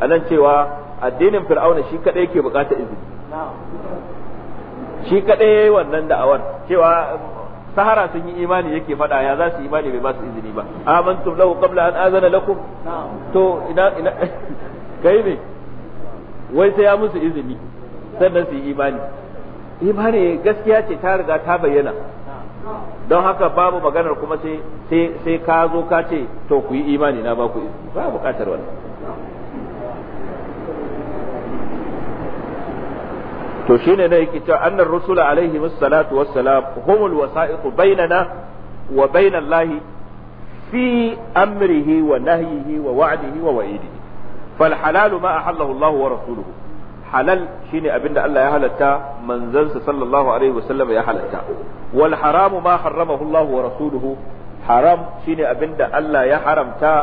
Speaker 1: a nan cewa addinin fir'auna shi kadai yake bukatar izini shi kadai yayi wannan da'awar cewa sahara sun yi imani yake faɗa ya za su yi imani bai ba su izini ba amantu lahu qabla an azana lakum to ina ina kai ne wai sai ya musu izini sannan su yi imani imani gaskiya ce ta riga ta bayyana don haka babu maganar kuma sai sai ka zo ka ce to ku yi imani na ba ku izini ba bukatar wannan to shine ne yake cewa annar rusula alaihi musallatu wassalam humul wasa'iqu bainana wa bain Allah fi amrihi wa nahyihi wa wa'dihi wa wa'idihi fal halalu ma ahallahu Allah wa rasuluhu halal shine abinda Allah ya halatta manzansa sallallahu alaihi wasallam ya halatta wal haramu ma harramahu Allah wa rasuluhu haram shine abinda Allah ya haramta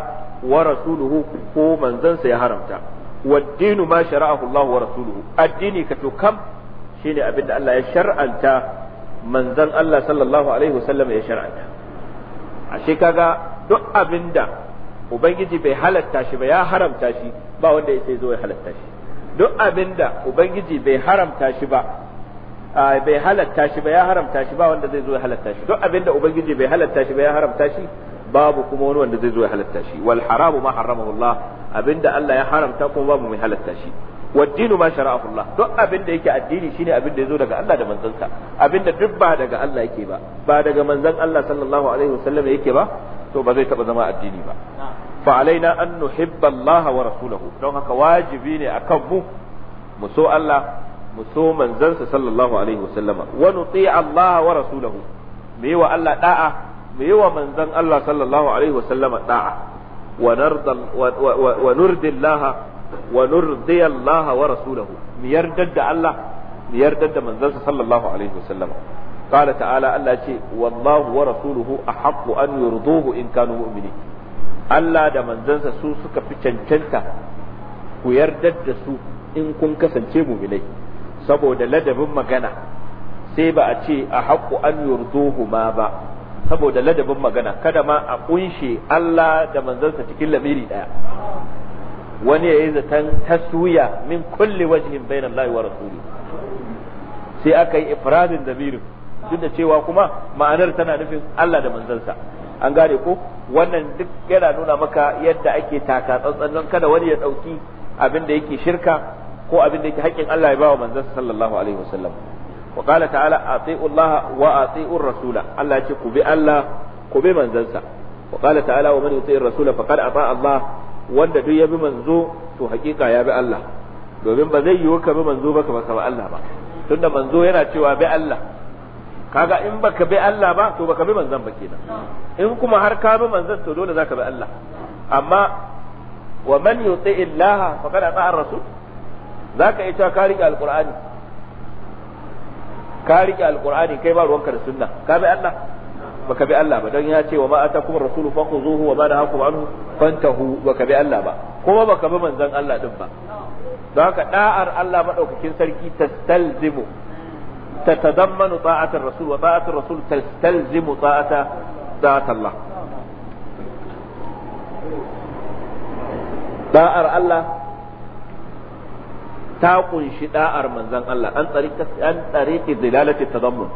Speaker 1: wa rasuluhu ko manzansa ya haramta waddinu ma shara'ahu Allah wa rasuluhu addini ka to kam shine abinda Allah ya shar'anta manzan Allah sallallahu alaihi wasallam ya shar'anta ashe kaga duk abinda ubangiji bai halatta shi ba ya haramta shi ba wanda ya sai zo ya halatta shi duk abinda ubangiji bai haramta shi ba bai halatta shi ba ya haramta shi ba wanda zai zo ya halatta shi duk abinda ubangiji bai halatta shi ba ya haramta shi babu kuma wani wanda zai zo ya halatta shi wal haramu ma haramahu Allah abinda Allah ya haramta kuma babu mai halatta shi waddinu ma shara'ahu Allah duk abinda yake addini shine abinda yazo daga Allah da manzansa abinda duk ba daga Allah yake ba ba daga manzon Allah sallallahu alaihi wasallam yake ba to ba zai taba zama addini ba fa alaina an nuhibba Allah wa rasulahu don haka wajibi ne akan mu mu so Allah mu so manzansa sallallahu alaihi wasallama wa nuti Allah wa rasulahu mu yi wa Allah da'a mu yi wa manzan Allah sallallahu alaihi wasallama da'a wa narda wa nurdi Allah wa nurdi Allah wa rasulahu mu yarda da Allah mu yarda da manzansa sallallahu alaihi wasallama قال تعالى الله والله ورسوله أحق أن يرضوه إن كانوا مؤمنين Allah da manzansa su suka fi cancanta ku yardar da su in kun kasance mu'minai saboda ladabin magana sai ba a ce a haƙƙu an yurduhu ma ba saboda ladabin magana kada ma a kunshe Allah da manzansa cikin lamiri daya wani ya yi zaton taswiya min kulli wajhin bayna Allah wa rasuli sai aka yi ifradin damirin duk da cewa kuma ma'anar tana nufin Allah da manzansa an gane ko wannan duk yana nuna maka yadda ake taka tsantsan kada wani ya ɗauki abin da yake shirka ko abin da yake haƙƙin Allah ya bawa manzon sallallahu alaihi wasallam wa qala ta'ala ati'u wa rasula Allah ya ce ku bi Allah ku bi manzansa wa qala ta'ala wa man yuti'ir rasula faqad ata Allah wanda duk ya bi manzo to haƙiƙa ya bi Allah domin ba zai yiwu ka bi manzo ba ka ba Allah ba tunda manzo yana cewa bi Allah kaga in baka bi Allah ba to baka bi manzon ba kenan in kuma har ka bi manzon to dole zaka bi Allah amma wa man yuti illaha faqad ata ar-rasul zaka yi ta ka rike alqur'ani ka rike alqur'ani kai ba ruwanka da sunna ka bi Allah baka bi Allah ba dan ya ce wa ma atakum ar-rasul fakhuzuhu wa ma nahakum anhu fantahu baka bi Allah ba kuma baka bi manzon Allah din ba don haka da'ar Allah madaukakin sarki tastalzimu تتضمن طاعة الرسول وطاعة الرسول تستلزم طاعة طاعة الله طاعة الله تاقن شداء من زن الله عن طريق عن طريق دلالة التضمن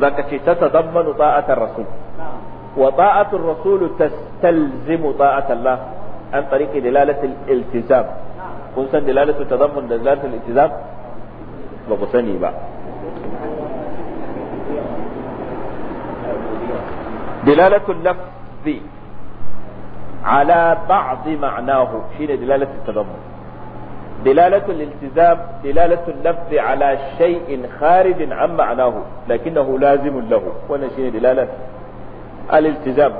Speaker 1: ذاك تتضمن طاعة الرسول وطاعة الرسول تستلزم طاعة الله عن طريق دلالة الالتزام kun san dalalatu tazammun da zalatul iltizam ba ku sani ba dilalatul lafzi ala ba'd ma'nahu shine dilalatul tadammun dilalatul iltizam dilalatul lafzi ala shay'in kharijin an ma'nahu lakinnahu lazimun lahu wannan shine dilalat al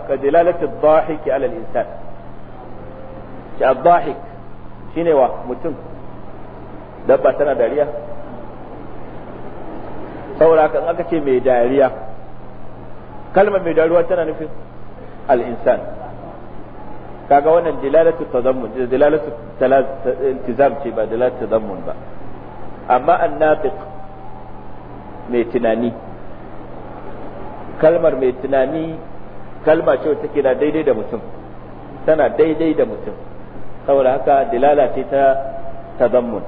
Speaker 1: ka dilalatul dhahiki ala al-insan shi al wa mutum dabba dariya saboda kan aka ce mai dariya kalmar mai dariya tana nufin al-insan kaga wannan dilalatu tazammun dilalatu iltizam ce ba dilalatu tazammun ba amma annafiq mai tunani kalmar mai tunani kalma ce wacce take na daidai da mutum tana daidai da mutum saboda haka dilala ce ta tazammun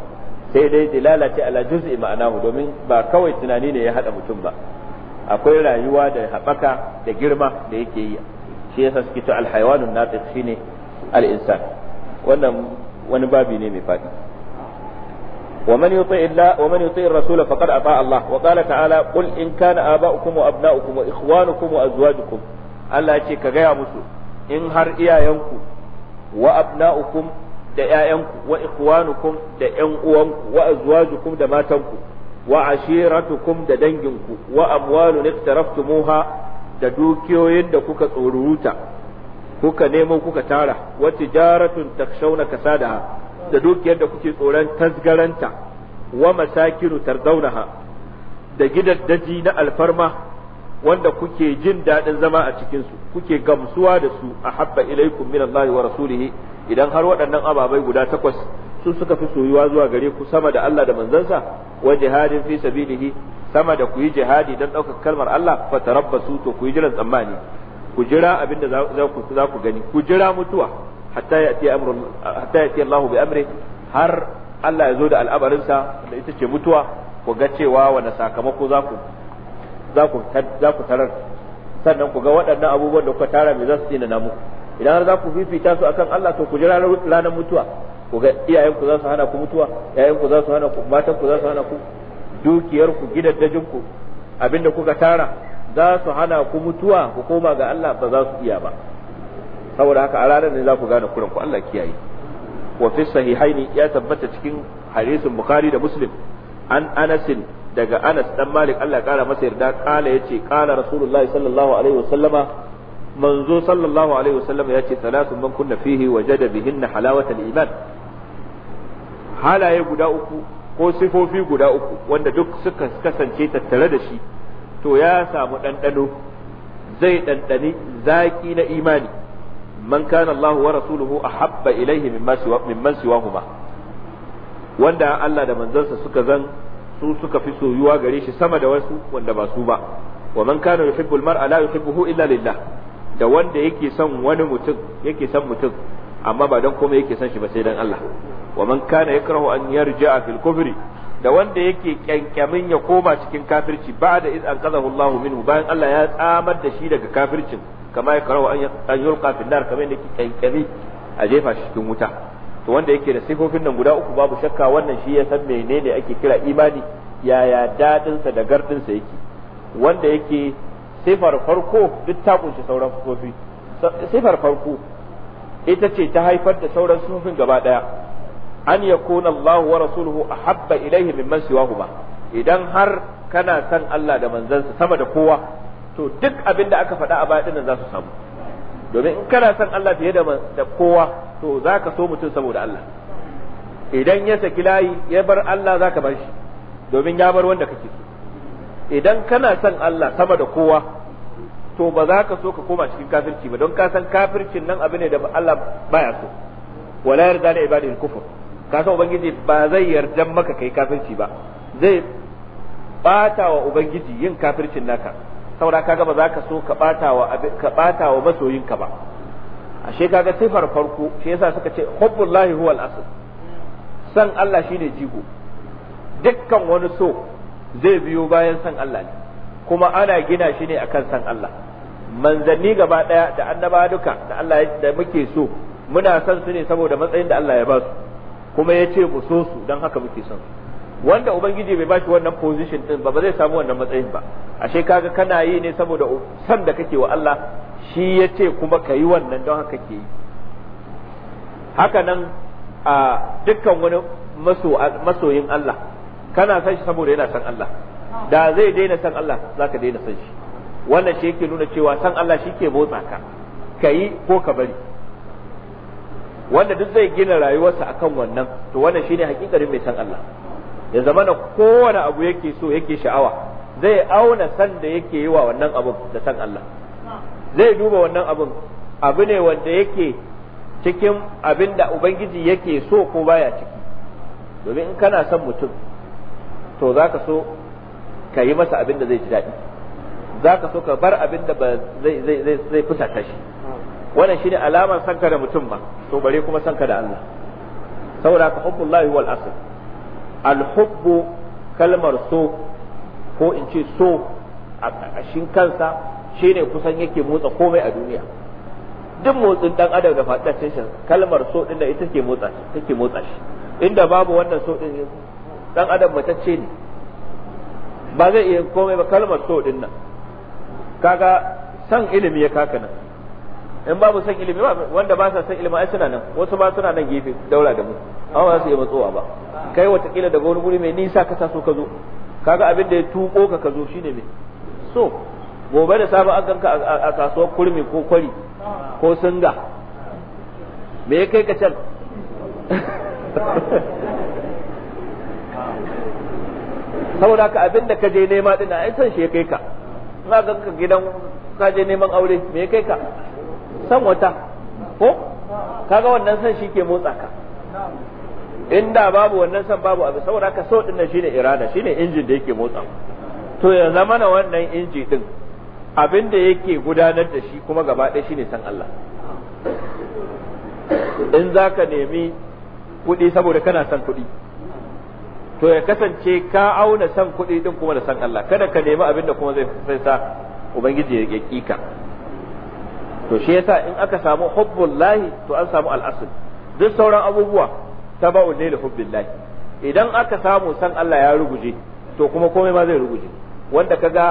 Speaker 1: sai dai dilala ce ala juz'i ma'anahu domin ba kawai tunani ne ya hada mutum ba akwai rayuwa da haɓaka da girma da yake yi shi yasa suke to alhaywanun natiq shine al-insan wannan wani babi ne mai faɗi ومن يطع الله ومن يطع الرسول فقد اطاع الله وقال تعالى قل ان كان اباؤكم وابناؤكم واخوانكم وازواجكم Allah ce ka gaya musu in har iyayenku wa abna'ukum da ƴaƴanku wa ikhwanukum da ƴan uwanku wa azwajukum da matanku wa ashiratukum da danginku wa amwalu iktaraftumuha da dukiyoyin da kuka tsoruruta kuka nemo kuka tara wa tijaratun takshawna kasadaha da dukiyar da kuke tsoron tasgaranta wa masakinu tardaunaha da gidaddaji na alfarma wanda kuke jin daɗin zama a cikin su kuke gamsuwa da su a habba ilaikum min Allah wa rasulihi idan har waɗannan ababai guda takwas sun suka fi soyuwa zuwa gare ku sama da Allah da manzansa wa jihadin fi sabilihi sama da ku yi jihadi dan ɗaukar kalmar Allah fa tarabbasu to ku yi jiran tsammani ku jira abinda za ku za ku gani ku jira mutuwa hatta ya'ti amru hatta ya'ti bi amri har Allah ya zo da al'abarinsa da ita ce mutuwa ku ga cewa wani sakamako za ku za ku tarar sannan ku ga waɗannan abubuwan da kuka tara me za su tsina namu idan har za ku fifita su akan Allah to ku jira ranar mutuwa ku ga iyayen ku za su hana ku mutuwa iyayen ku za su hana ku matan ku za su hana ku dukiyar ku gidaddajin ku abinda kuka tara za su hana ku mutuwa ku koma ga Allah ba za su iya ba saboda haka a ranar ne za ku gane kuran ku Allah kiyaye wa fi sahihaini ya tabbata cikin hadisin bukhari da muslim an anasin daga Anas dan Malik Allah kara masa yarda kala yace kala Rasulullahi sallallahu alaihi wasallama manzo sallallahu alaihi wasallam ya ce salatu man kunna fihi wajada bihinna halawatal iman halaye guda uku ko sifofi guda uku wanda duk suka kasance tattare da shi to ya samu ɗanɗano zai ɗanɗani zaƙi na imani man kana Allah wa rasuluhu ahabba ilaihi mimman siwahuma wanda Allah da manzansa suka zan su suka fi soyuwa gare shi sama da wasu wanda ba su ba wa man kana yuhibbu al-mar'a la yuhibbuhu illa lillah da wanda yake son wani mutum yake son mutum amma ba dan komai yake son shi ba sai dan Allah wa man kana yakrahu an yarja'a fil kufri da wanda yake kyankyamin ya koma cikin kafirci ba da iz anqadahu Allahu minhu bayan Allah ya tsamar da shi daga kafircin kama ya karawa an yulqa fil nar kamar yake kyankyami a jefa shi cikin wuta to wanda yake da sifofin nan guda uku babu shakka wannan shi ya san menene ake kira imani yaya dadinsa da gardinsa yake wanda yake sifar farko duk ta kunshi sauran sifofi sifar farko ita ce ta haifar da sauran sifofin gaba daya an yakuna Allah wa rasuluhu ahabba ilaihi mimman siwahuma idan har kana san Allah da manzansa sama da kowa to duk abin da aka faɗa a baya dinnan za su samu domin in kana san Allah fiye da kowa to za ka so mutum saboda Allah idan ya saki layi ya bar Allah za ka bar domin ya bar wanda kake so idan kana son Allah sama da kowa to ba za ka so ka koma cikin kafirci ba don ka san kafircin nan abu ne da Allah baya so wala yarda da ibadin kufur ka san ubangiji ba zai yarda maka kai kafirci ba zai bata wa ubangiji yin kafircin naka saboda kaga ba za ka so ka bata wa ka bata wa masoyinka ba ashe kaga sifar farko shi yasa suka ce hubbullahi huwal asl san Allah shine jigo dukkan wani so zai biyo bayan san Allah ne kuma ana gina shi ne akan san Allah manzanni gaba daya da annaba duka da Allah da muke so muna son su ne saboda matsayin da Allah ya ba su kuma ya ce mu so su don haka muke son wanda ubangiji bai ba shi wannan position din ba ba zai samu wannan matsayin ba ashe kaga kana yi ne saboda san da kake wa Allah shi ya ce kuma ka yi wannan don haka ke yi haka nan a dukkan wani masoyin Allah kana san shi saboda yana san Allah da zai daina san Allah za ka daina san shi wannan shi yake nuna cewa san Allah shi ke motsa ka ka yi ko ka bari wanda duk zai gina rayuwarsa akan wannan to wannan shine hakikarin mai san Allah ya zamana kowane abu yake so yake sha'awa zai auna san da yake yi wa wannan abin da san Allah zai duba wannan abin abu ne wanda yake cikin abin da ubangiji yake so ko baya ciki domin in kana son mutum to za ka so ka yi masa abin da zai ji daɗi za ka so ka bar abin da zai fusata shi wannan shine alamar sanka da mutum ba to bare kuma sanka da Allah saboda ka hubbullahi wal asr al hubbu kalmar so ko in ce so a ƙarƙashin kansa shi ne kusan yake motsa komai a duniya duk motsin dan adam da faɗin shi kalmar so ɗin da ita ke motsa shi. take motsa shi inda babu wannan so ɗin dan adam ce ne ba zai iya komai ba kalmar so ɗin nan kaga san ilimi ya kaka nan in babu san ilimi ba wanda ba sa san ilimi ai suna nan wasu ba suna nan gefe daura da mu amma ba su iya matsowa ba kai watakila daga wani guri mai nisa ka sa so ka zo kaga abin da ya tuko ka ka zo shine me so gobe da safe an ganka a kasuwar kurmi ko kwari ko singa me ya kai ka can saboda ka abin da ka je nema din ai san shi ya kai ka ina ganka gidan ka je neman aure me ya kai ka san wata ko kaga wannan san shi ke motsa ka inda babu wannan san babu abu saboda haka so din nan shine irada shine injin da yake motsa to ya zama na wannan inji din abin da yake gudanar da shi kuma gaba ɗaya shine san Allah in zaka nemi kuɗi saboda kana son kuɗi to ya kasance ka auna san kuɗi din kuma da san Allah kada ka nemi abinda kuma zai sa ubangiji ya kika to shi yasa in aka samu hubbullahi to an samu al'asul duk sauran abubuwa taba'un ne li idan aka samu san Allah ya ruguje to kuma komai ma zai ruguje wanda kaga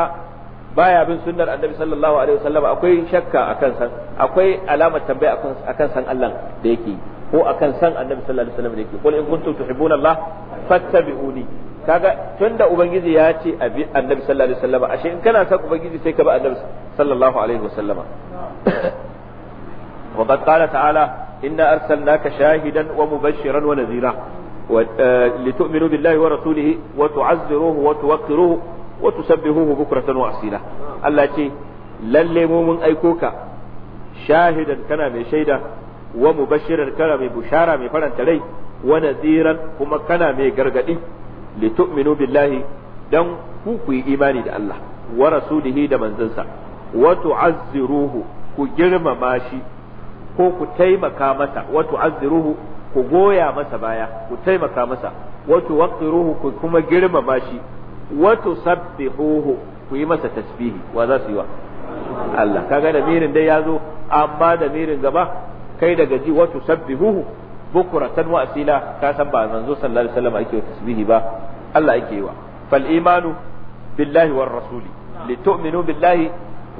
Speaker 1: baya bin sunnar annabi sallallahu alaihi wasallam akwai shakka akan san akwai alamar tambaya akan akan san Allah da yake ko akan san annabi sallallahu alaihi wasallam da yake qul in kuntum tuhibbuna Allah fattabi'uni kaga tunda ubangiji ya ce abi annabi sallallahu alaihi wasallam ashe in kana san ubangiji sai ka bi annabi sallallahu alaihi wasallam wa qad qala ta'ala inna arsalnaka shahidan wa mubashiran wa nadhira لتؤمنوا بالله ورسوله وتعزروه وتوقروه وتسبحوه بكرة وأصيلا الله يقول lalle mu aiko ka shahidan kana mai shaida wa mubashiran kana mai bushara mai faranta rai wa naziran kuma kana mai gargadi li tu'minu dan ku ku yi imani da Allah wa da manzansa wa ku girmama shi ko ku taimaka masa wato azziruhu ku goya masa baya ku taimaka masa wato waqiruhu ku kuma girmama shi wato sabbihuhu ku yi masa tasbihi wa za su yi wa Allah kaga da mirin dai yazo amma da mirin gaba kai daga ji wato sabbihuhu bukuratan wa asila ka san ba manzo sallallahu alaihi wasallam ake tasbihi ba Allah ake yi wa fal imanu billahi war rasuli litu'minu billahi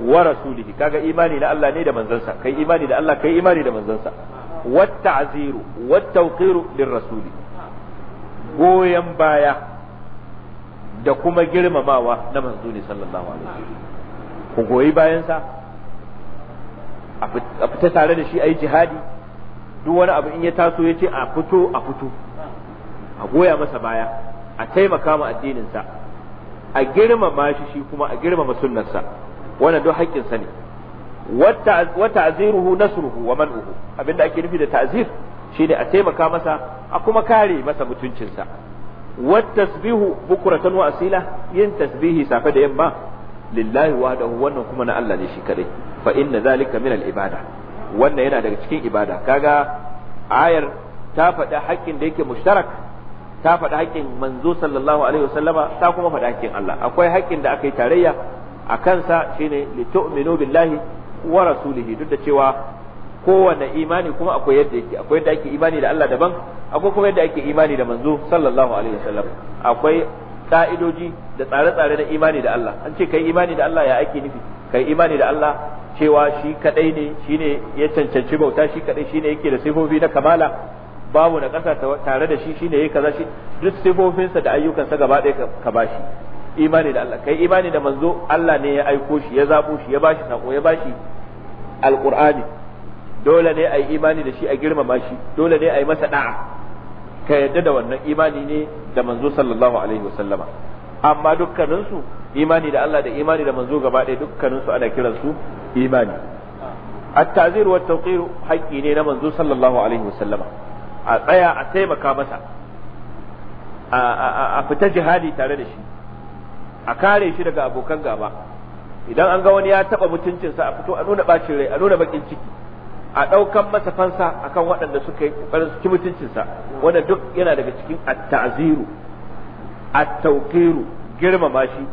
Speaker 1: wa rasulihi kaga imani na Allah ne da manzansa kai imani da Allah kai imani da manzansa wa ta'ziru wa tawqiru lir rasuli goyen baya da kuma girmamawa na manzo ne sallallahu alaihi wasallam ku goyi bayansa a fita tare da shi a yi jihadi duk wani abu in ya taso ya ce a fito a fito a goya masa baya a taimaka ma addininsa a girmama shi shi kuma a girmama sunnarsa wannan don haƙƙin sa ne wa ta'ziruhu nasruhu wa man'uhu abinda ake nufi da ta'zir shine a taimaka masa a kuma kare masa mutuncinsa wa tasbihu bukratan wa asila yin tasbihi safe da yamma lillahi wahdahu wannan kuma na Allah ne shi kadai fa inna zalika min al ibada wannan yana daga cikin ibada kaga ayar ta faɗi haƙƙin da yake mushtarak ta faɗi haƙƙin manzo sallallahu alaihi wasallama ta kuma faɗi haƙƙin Allah akwai haƙƙin da aka yi tarayya a kansa shine litu'minu billahi wa rasulihi duk da cewa kowane imani kuma akwai yadda yake akwai yadda ake imani da Allah daban akwai kuma yadda ake imani da manzo sallallahu alaihi wasallam akwai ka'idoji da tsare-tsare na imani da Allah an ce kai imani da Allah ya ake nufi kai imani da Allah cewa shi kadai ne shine ya cancanci bauta shi kadai shine yake da sifofi na kamala babu na ƙasa tare da shi shine yayi kaza shi duk sifofinsa da ayyukansa gaba ɗaya ka bashi imani da Allah kai imani da manzo Allah ne ya aiko shi ya zabo shi ya bashi sako ya bashi alqur'ani dole ne ai imani da shi a girmama shi dole ne ai masa da'a ka yadda da wannan imani ne da manzo sallallahu alaihi wasallama amma dukkanin su imani da Allah da imani da manzo gaba ɗaya dukkanin su ana kiran su imani at-tazir wa tawqir haƙƙi ne na manzo sallallahu alaihi wasallama a tsaya a taimaka masa a fita jihadi tare da shi a kare shi daga abokan gaba idan an ga wani ya taba mutuncinsa a fito a nuna bacin rai a nuna bakin ciki a ɗaukan masa fansa akan waɗanda suka yi ƙoƙarin su mutuncinsa wanda duk yana daga cikin at-ta'ziru at-tawqiru girmama shi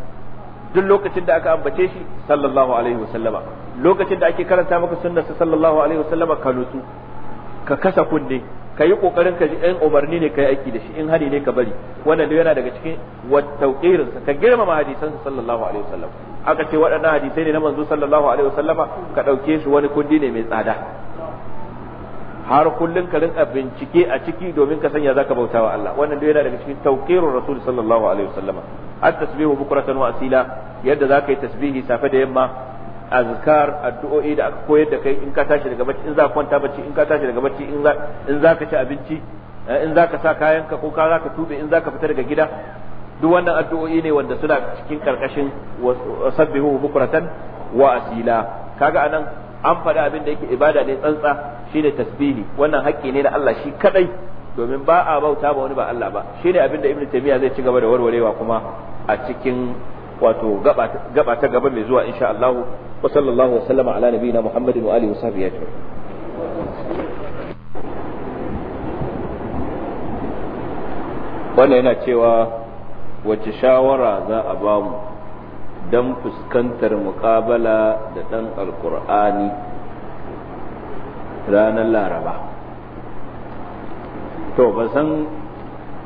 Speaker 1: duk lokacin da aka ambace shi sallallahu alaihi wasallama lokacin da ake karanta maka sunnarsa sallallahu alaihi wasallama ka nutsu ka kasa kunne ka yi kokarin ka ji ɗan umarni ne ka yi aiki da shi in hali ne ka bari wannan yana daga cikin wattauqirinsa ka girmama hadisansa sallallahu alaihi wasallam aka ce waɗannan hadisai ne na manzo sallallahu alaihi wasallama ka ɗauke shi wani kundi ne mai tsada har kullun ka rinka bincike a ciki domin ka sanya zaka bauta wa Allah wannan yana daga cikin tauqirur rasul sallallahu alaihi wasallama at-tasbihu bukratan wa asila yadda zaka yi tasbihi safe da yamma azkar addu'o'i da aka koyar da kai in ka tashi daga bacci in za ka kwanta bacci in ka tashi daga bacci in za ka ci abinci eh, in za ka sa ka ko ka za ka tube in za ka fita daga gida duk wannan addu'o'i ne wanda suna cikin karkashin sabbihu bukratan wa asila kaga anan an faɗi abin da yake ibada ne tsantsa shine tasbihi wannan haƙƙi ne na Allah shi kadai domin ba a bauta ba wani ba Allah ba shine abin da ibnu taymiya zai ci gaba da warwarewa kuma a cikin wato gaba ta gaba mai zuwa insha Allah wa sallallahu wa sallama ala nabiyina Muhammadin wa alihi wa sahbihi wannan yana cewa wace shawara za a ba mu don fuskantar muƙabala da ɗan alkur'ani ranar laraba to ba san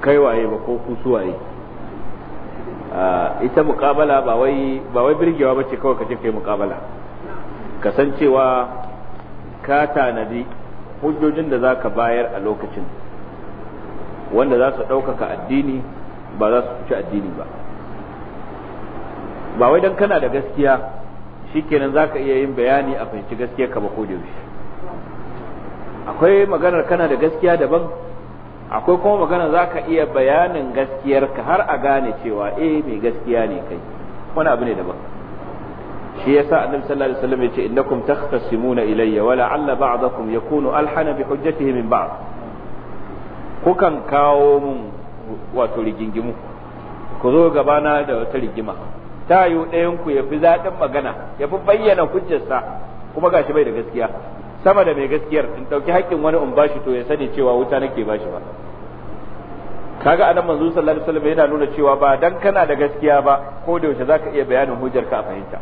Speaker 1: kaiwaye ba ko kusuwaye Ah, ita muƙabala ba wai ba wai birgewa bace kawai ka je kai muƙabala kasancewa ka tanadi hujjojin da zaka bayar a lokacin wanda za su ɗaukaka addini ba za su ci addini ba ba wai don kana da gaskiya shikenan za ka iya yin bayani a fahimci gaskiya ka ba ko da yaushe akwai maganar kana da gaskiya daban akwai kuma magana za ka iya bayanin gaskiyarka har a gane cewa eh mai gaskiya ne kai wani abu ne daban shi yasa annabi sallallahu alaihi wasallam yace innakum takhtasimuna ilayya wala alla ba'dakum yakunu alhana bi hujjatihi min ba'd kukan kawo mun wato rigingimu ku zo gabana da wata rigima ta yiwu ɗayan ku yafi zaɗin magana yafi bayyana hujjarsa kuma gashi bai da gaskiya sama da mai gaskiyar in ɗauki haƙƙin wani in bashi to ya sani cewa wuta nake bashi ba kaga anan manzo sallallahu alaihi wasallam yana nuna cewa ba dan kana da gaskiya ba ko da yaushe zaka iya bayanin hujjar ka a fahimta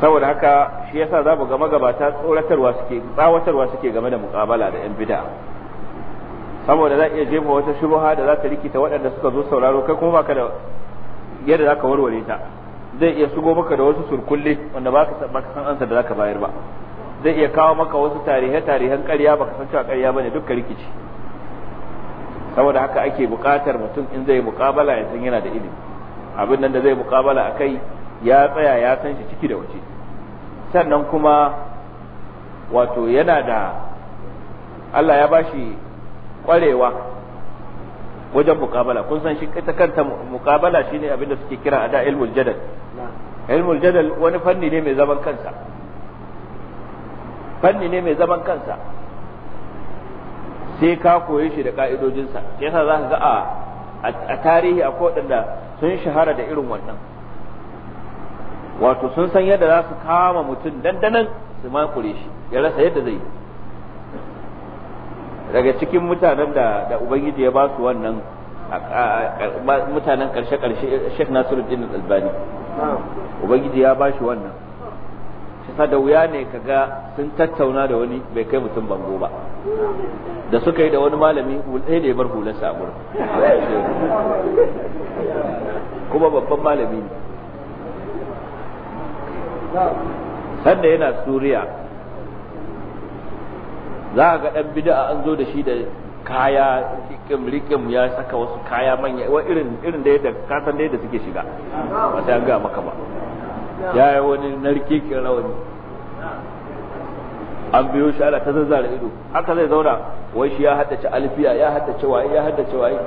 Speaker 1: saboda haka shi yasa za mu ga magabata tsoratarwa suke tsawatarwa suke game da mukabala da 'yan bida saboda za iya jefa wata shubuha da za ta rikita waɗanda suka zo sauraro kai kuma baka da yadda za ka warware ta zai iya shigo maka da wasu surkulle wanda baka baka san ansa da zaka bayar ba zai iya kawo maka wasu tarihe tarihen ƙarya baka san cewa ƙarya bane duka rikici saboda haka ake buƙatar mutum in zai muƙabala ya san yana da ilimi abin nan da zai muƙabala kai ya tsaya ya san shi ciki da waje sannan kuma wato yana da Allah ya bashi ƙwarewa wajen mukabala kun san shi ta kanta mukabala shine abin da suke kira a da ilmul jadal ilmul jadal wani fanni ne mai zaman kansa fanni ne mai zaman kansa sai ka koyi shi da ka'idojinsa sai yasa za ka ga a tarihi a waɗanda sun shahara da irin wannan wato sun san yadda za su kama mutum dandanan su makure shi ya rasa yadda zai yi daga cikin mutanen da da ubangiji ya ba su wannan mutanen karshe karshe Sheikh Nasiruddin Albani ubangiji ya ba shi wannan shi da wuya ne kaga sun tattauna da wani bai kai mutum bango ba da suka yi da wani malami hulɗe da ya bar hulun sa kuma babban malami ne sanda yana suriya za a ga ɗan bid'a an zo da shi da kaya rikim rikim ya saka wasu kaya manya wa irin irin da yadda ka san da yadda suke shiga
Speaker 2: ba sai an ga maka ba ya
Speaker 1: yi wani narke rawani an biyo shi ala ta zazzara ido haka zai zauna wai shi ya haddace alfiya ya haddace waye ya haddace waye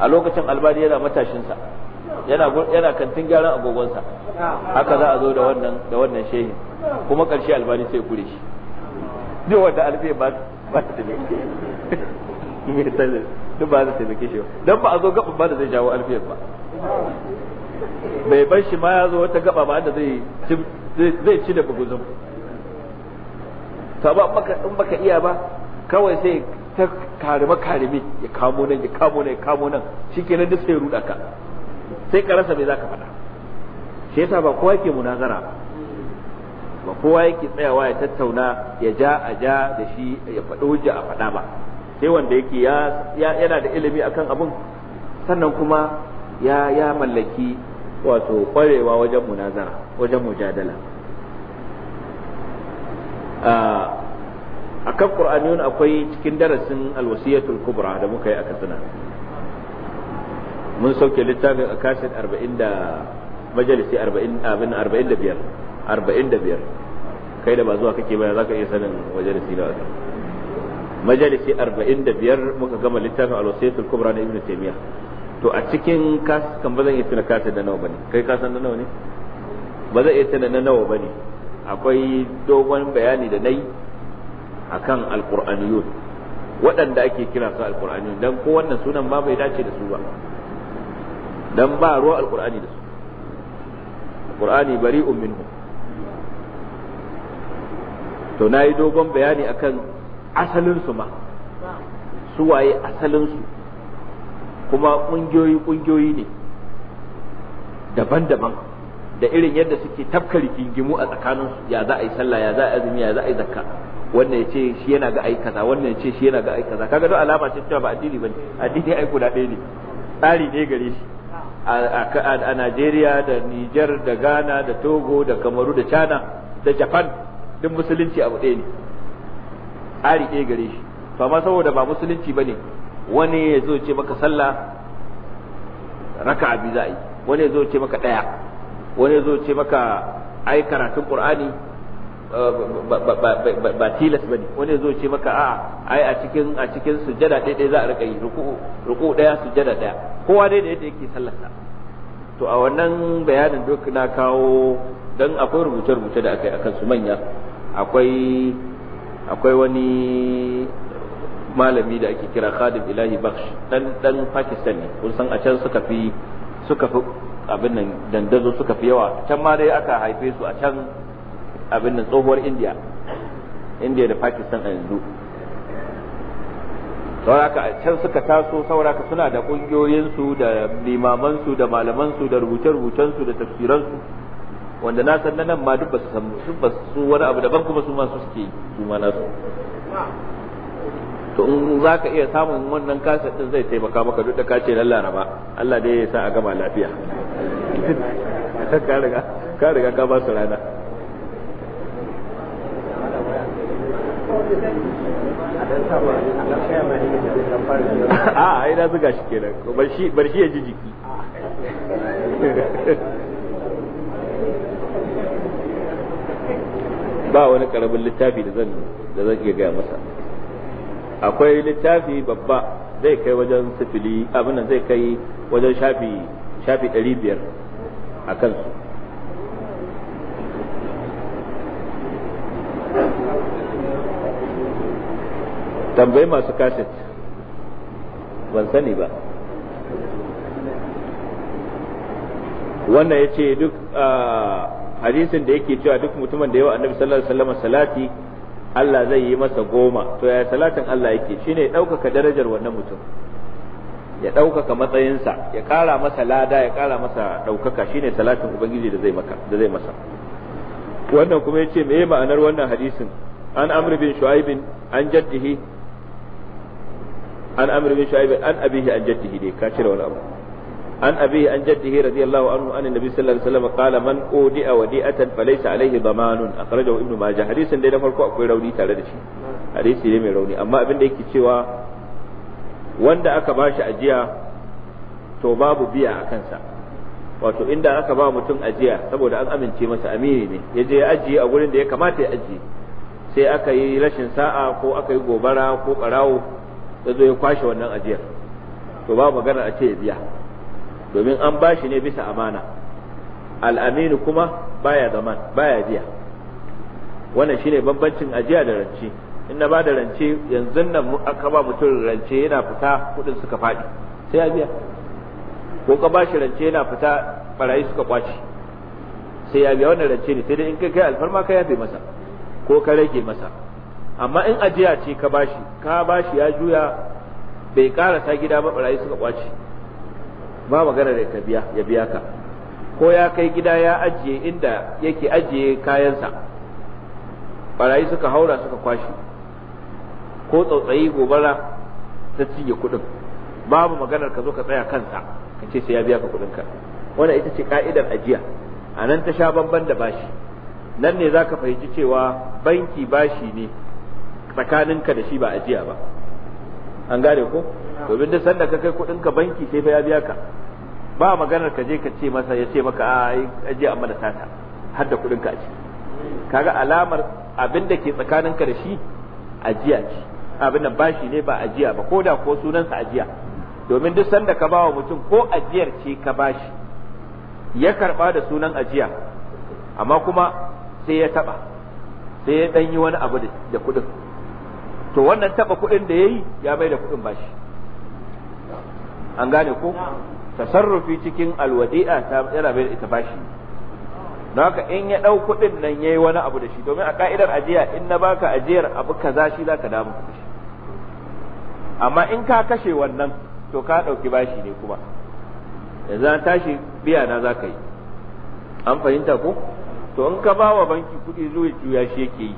Speaker 1: a lokacin albani yana matashinsa yana yana kantin gyaran agogonsa
Speaker 2: haka za a zo da wannan
Speaker 1: da wannan shehin kuma karshe albani sai kure shi duk wanda alfiya ba ba ta taimake shi duk ba ta taimake shi dan ba a zo gaban ba da zai jawo alfiyar ba bai bar shi ma ya zo wata gaba ba da zai zai ci da buguzun to ba baka in baka iya ba kawai sai ta karima karimi ya kamo nan ya kamo nan ya kamo nan shikenan duk sai ruda ka sai ka rasa me ka faɗa shi yasa ba kowa ke munazara ba ba kowa yake tsayawa ya tattauna ya ja a ja da shi ya faɗi hujja a faɗa ba sai wanda yake yana da ilimi akan abun sannan kuma ya ya mallaki wato ƙwarewa wajen munazara wajen mujadala a kan ƙur'aniyun akwai cikin darasin alwasiyatul kubra da muka yi a katsina mun sauke littafin a kashin 40 da majalisi biyar. arba'in da biyar kai da ba zuwa kake baya za ka iya sanin majalisi na wata majalisi arba'in da biyar muka gama littafin alwasaitul kubra na ibnu taymiya to a cikin kas kan ba zan iya tuna kasa da nawa bane kai ka san da nawa ne ba zan iya tuna na nawa bane akwai dogon bayani da nayi akan alqur'aniyun waɗanda ake kira su alqur'aniyun dan ko wannan sunan ba bai dace da su ba dan ba ruwa alqur'ani da su alqur'ani bari'un minhu to na yi dogon bayani akan asalinsu ma su waye asalinsu kuma ƙungiyoyi-ƙungiyoyi ne daban-daban da irin yadda suke tafka gingimu a tsakaninsu ya za a yi sallah ya za a yi azumi ya za a yi zakka wannan ya ce shi yana ga aikata wannan ya ce shi yana ga aikata kaga don alama ce cewa ba addini bane addini ai guda ɗaya ne tsari ne gare shi a Najeriya da Niger da Ghana da Togo da Kamaru da China da Japan duk musulunci abu ɗaya ne ari ɗaya gare shi to amma saboda ba musulunci bane wani ya zo ce maka sallah raka'a biyu za a yi wani ya zo ce maka ɗaya wani ya zo ce maka ai karatun qur'ani eh, ba tilas bane wani ya zo ce maka a'a ai a cikin a cikin sujjada ɗaya ɗaya za a rika yi ruku'u ruku'u ɗaya sujjada ɗaya kowa dai da yadda yake sallarsa to a wannan bayanin duk na kawo dan akwai rubuce-rubuce da aka yi akan su manya akwai akwai wani malami da ake kira Khadim Ilahi Baksh dan dan Pakistan ne kun san a can suka fi suka fi abin nan dandazo suka fi yawa can ma dai aka haife su a can abin nan tsohuwar India India da Pakistan a yanzu sauraka can suka taso sauraka suna da kungiyoyinsu da limamansu da malamansu da rubuce-rubucensu da tafsiransu wanda na san nan ma duk ba su san ba su wani abu daban kuma su ma su suke su ma su to in za ka iya samun wannan kasar din zai taimaka maka duk da ka ce lallara ba Allah dai ya sa a gama lafiya ka riga ka riga ka ba su rana a ai na zuga shi kenan bar shi ya ji jiki ba wani karamin littafi da zan da zan iya gaya masa akwai littafi babba zai kai wajen sifili abin zai kai wajen shafi shafi 500 a kansu tambayi masu kaset ban sani ba wannan ya ce duk ah, hadisin da yake cewa duk mutumin da yawa annabi sallallahu alaihi wasallam salati Allah zai yi masa goma to ya salatin Allah yake shine ya ɗaukaka darajar wannan mutum ya ɗaukaka matsayinsa ya ƙara masa lada ya ƙara masa ɗaukaka shine salatin ubangiji da zai maka da zai masa wannan kuma yace me ma'anar wannan hadisin an amr bin shu'aib an jaddihi an amr bin shu'aib an abihi an jaddihi dai ka cire wani abu an abi an jaddihi radiyallahu anhu an annabi sallallahu alaihi wasallam qala man udi'a wadi'atan falaysa alaihi damanun akhrajahu ibnu majah hadisin dai na farko akwai rauni tare da shi hadisi ne mai rauni amma abin da yake cewa wanda aka bashi ajiya to babu biya a kansa wato inda aka ba mutum ajiya saboda an amince masa amini ne ya je ya ajiye a gurin da ya kamata ya ajiye sai aka yi rashin sa'a ko aka yi gobara ko barawo ya zo ya kwashe wannan ajiyar to babu magana a ce ya biya domin an bashi ne bisa amana al'aminu kuma baya zaman baya jiya wannan shine bambancin ajiya da rance in na ba da rance yanzu nan aka ba mutum rance yana fita kudin suka faɗi sai ya biya ko ka ba shi rance yana fita barayi suka kwaci sai ya biya wannan rance ne sai dai in kai kai alfarma ka yafe masa ko ka rage masa amma in ajiya ce ka bashi ka bashi ya juya bai karasa gida ba barayi suka kwaci ba magana da ya biya ka ko ya kai gida ya ajiye inda yake ajiye kayansa barayi suka haura suka kwashi ko tsautsayi gobara ta cinye kuɗin babu maganar ka zo ka tsaya kansa ka ce sai ya biya ka kudin ka wannan ita ce ka'idar ajiya a nan ta sha bamban da bashi nan ne za ka fahimci cewa banki bashi ne tsakaninka da shi ba ajiya ba an gane ko domin da sanda ka kai kuɗin ka banki sai fa ya biya ka ba maganar ka je ka ce masa ya ce maka a aje an da sata har da kuɗin ka a ciki kaga alamar abin da ke tsakanin ka da shi ajiya ce abin da bashi ne ba ajiya ba koda ko sunansa ajiya domin duk sanda ka bawa mutum ko ajiyar ce ka bashi ya karba da sunan ajiya amma kuma sai ya taba sai ya danyi wani abu da kuɗin to wannan taba kuɗin da yayi ya bai da kuɗin bashi an gane ko tasarrufi cikin alwadi'a ta yana bai ita bashi don haka in ya dau kuɗin nan yayi wani abu da shi domin a ka'idar ajiya in na baka ajiyar abu kaza shi zaka damu kuɗi amma in ka kashe wannan to ka ɗauki bashi ne kuma yanzu an tashi biya na zaka yi an fahimta ko to in ka bawa banki kuɗi zuwa juya shi yake yi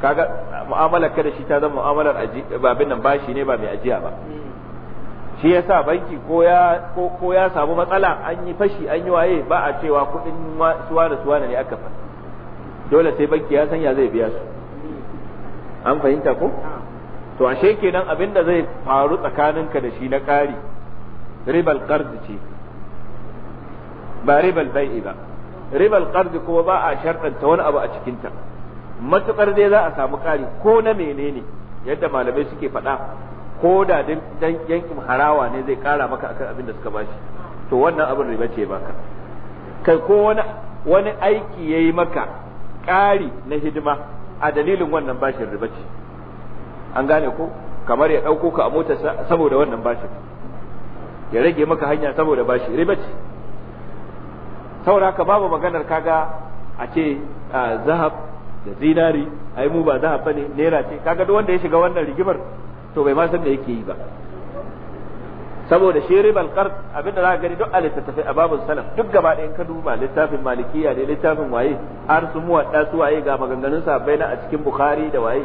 Speaker 1: kaga mu'amalar ka da shi ta zama mu'amalar babin nan bashi ne ba mai ajiya ba shi yasa banki ko ya ko ya samu matsala an yi fashi an yi waye ba a cewa kudin suwa da suwa ne aka fa dole sai banki ya sanya zai biya su an fahimta ko to ashe kenan abin da zai faru tsakaninka da shi na ƙari ribal qard ce ba ribal bai'i ba ribal qard kuma ba a sharɗanta wani abu a cikinta matukar dai za a samu kari ko na menene yadda malamai suke faɗa ko da dan yankin harawa ne zai kara maka akan abin da suka bashi to wannan abin riba ce baka kai ko wani wani aiki yayi maka ƙari na hidima a dalilin wannan bashin riba ce an gane ko kamar ya ɗauko ka a mota saboda wannan bashin ya rage maka hanya saboda bashi riba ce saboda ka babu maganar kaga a ce zahab da zinari ai mu ba zahab bane naira ce kaga duk wanda ya shiga wannan rigimar to bai ma san me yake yi ba saboda shi ribal qard abin da za ka gani duk a littattafai a babun salaf duk gaba ɗayan ka duba littafin malikiya ne littafin waye har su muwadda su waye ga maganganun sahabbai na a cikin bukhari da waye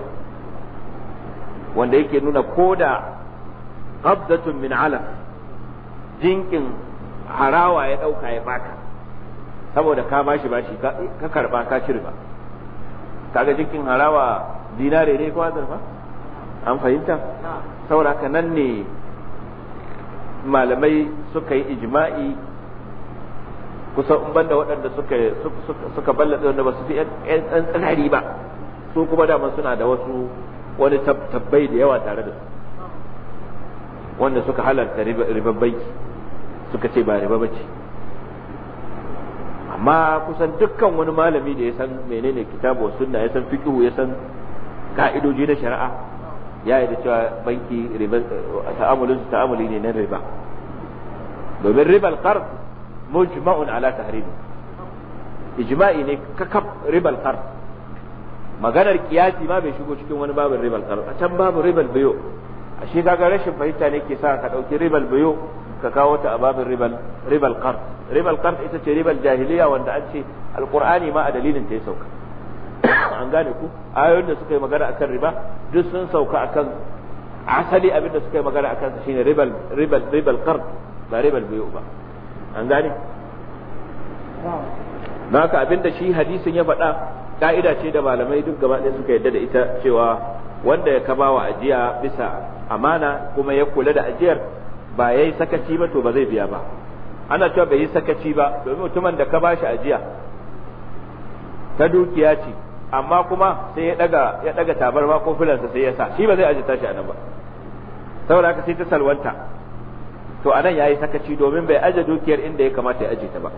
Speaker 1: wanda yake nuna koda qabdatun min ala jinkin harawa ya dauka ya baka saboda ka bashi bashi ka karba ka cire ba kaga jinkin harawa dinare ne ko azurfa an fahimta saboda haka nan ne malamai suka yi ijma'i kusan in banda waɗanda suka suka ballata wanda ba su fi ɗan tsanari ba su kuma dama suna da wasu wani tabbai da yawa tare da su wanda suka halarta ribabbai banki suka ce ba riba bace amma kusan dukkan wani malami da ya san menene kitabu sunna ya san fiƙihu ya san ka'idoji na shari'a ya yi da cewa banki ta'amulin su ta'amuli ne na riba domin ribal qard mujma'un ala tahrimi ijma'i ne kakab ribal qard maganar kiyasi ma bai shigo cikin wani babin ribal qard a can babu ribal biyo a ashe kaga rashin fahimta ne ke sa ka dauki ribal biyo ka kawo ta a babin ribal ribal qard ribal qard ita ce ribal jahiliya wanda an ce alqur'ani ma a dalilin ta ya sauka an gane ku ayoyin da suka yi magana akan riba duk sun sauka akan asali abin da suka yi magana akan sa shine ribal ribal ribal qard ba ribal biyu ba an gane na ka abin da shi hadisin ya faɗa ka'ida ce da malamai duk gaba ɗaya suka yadda da ita cewa wanda ya kama wa ajiya bisa amana kuma ya kula da ajiyar ba ya yi sakaci ba to ba zai biya ba ana cewa bai yi sakaci ba domin mutumin da ka bashi ajiya ta dukiya ce amma kuma sai ya daga ya daga tabarma ko sa sai ya sa shi ba zai ajita shi anan ba saboda haka sai ta salwanta to anan yayi sakaci domin bai aje dukiyar inda ya kamata ya aje ta ba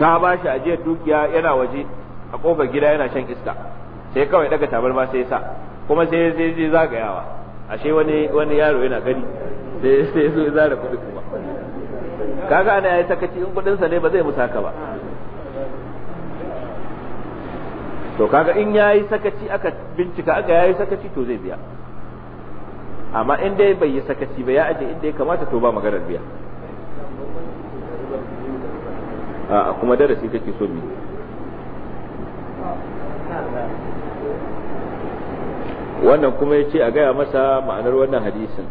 Speaker 1: ka ba shi ajiyar dukiya yana waje a kofar gida yana shan iska sai kawai daga tabarma sai ya sa kuma sai sai zai zagayawa ashe wani wani yaro yana gani sai sai zo ya zara kuɗi kuma kaga ana yayi sakaci in kuɗin sa ne ba zai musaka ba to kaga in yayi sakaci aka bincika aka yayi sakaci to zai biya amma in dai bai yi sakaci ba ya aje inda ya kamata to ba maganar biya a kuma darasi kake so bi wannan kuma ya ce a gaya masa ma'anar wannan hadisin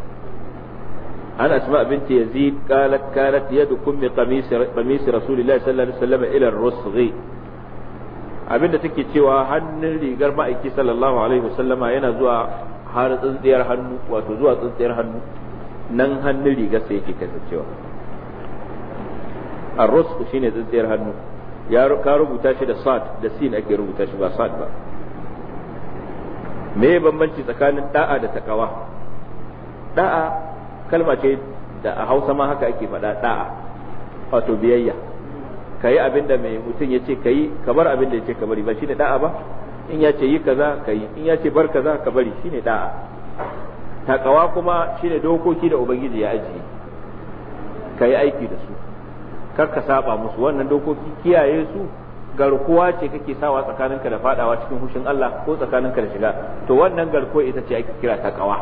Speaker 1: an asma binti yazid qalat kanat yadu kummi qamis qamis rasulillahi sallallahu alaihi wasallam ila ar abinda take cewa hannun rigar ma'aiki sallallahu alaihi wasallama yana zuwa har tsintsiyar hannu wato zuwa tsintsiyar hannu nan hannun rigar sai yake kasancewa arrus shine tsintsiyar hannu ya ka rubuta shi da sad da sin ake rubuta shi ba sad ba me bambanci tsakanin da'a da takawa da'a kalma ce da a hausa ma haka ake faɗa da'a wato biyayya ka yi abin da mai mutum ya ce ka yi kamar abin da ya ce ka bari ba shine da'a ba in ya ce yi kaza ka yi in ya ce bar kaza ka bari shine da'a takawa kuma shi ne dokoki da ubangiji ya ajiye ka yi aiki da su kar ka saba musu wannan dokoki kiyaye su garkuwa ce kake sawa tsakaninka da fadawa cikin hushin Allah ko tsakaninka da shiga to wannan garkuwa ita ce ake kira takawa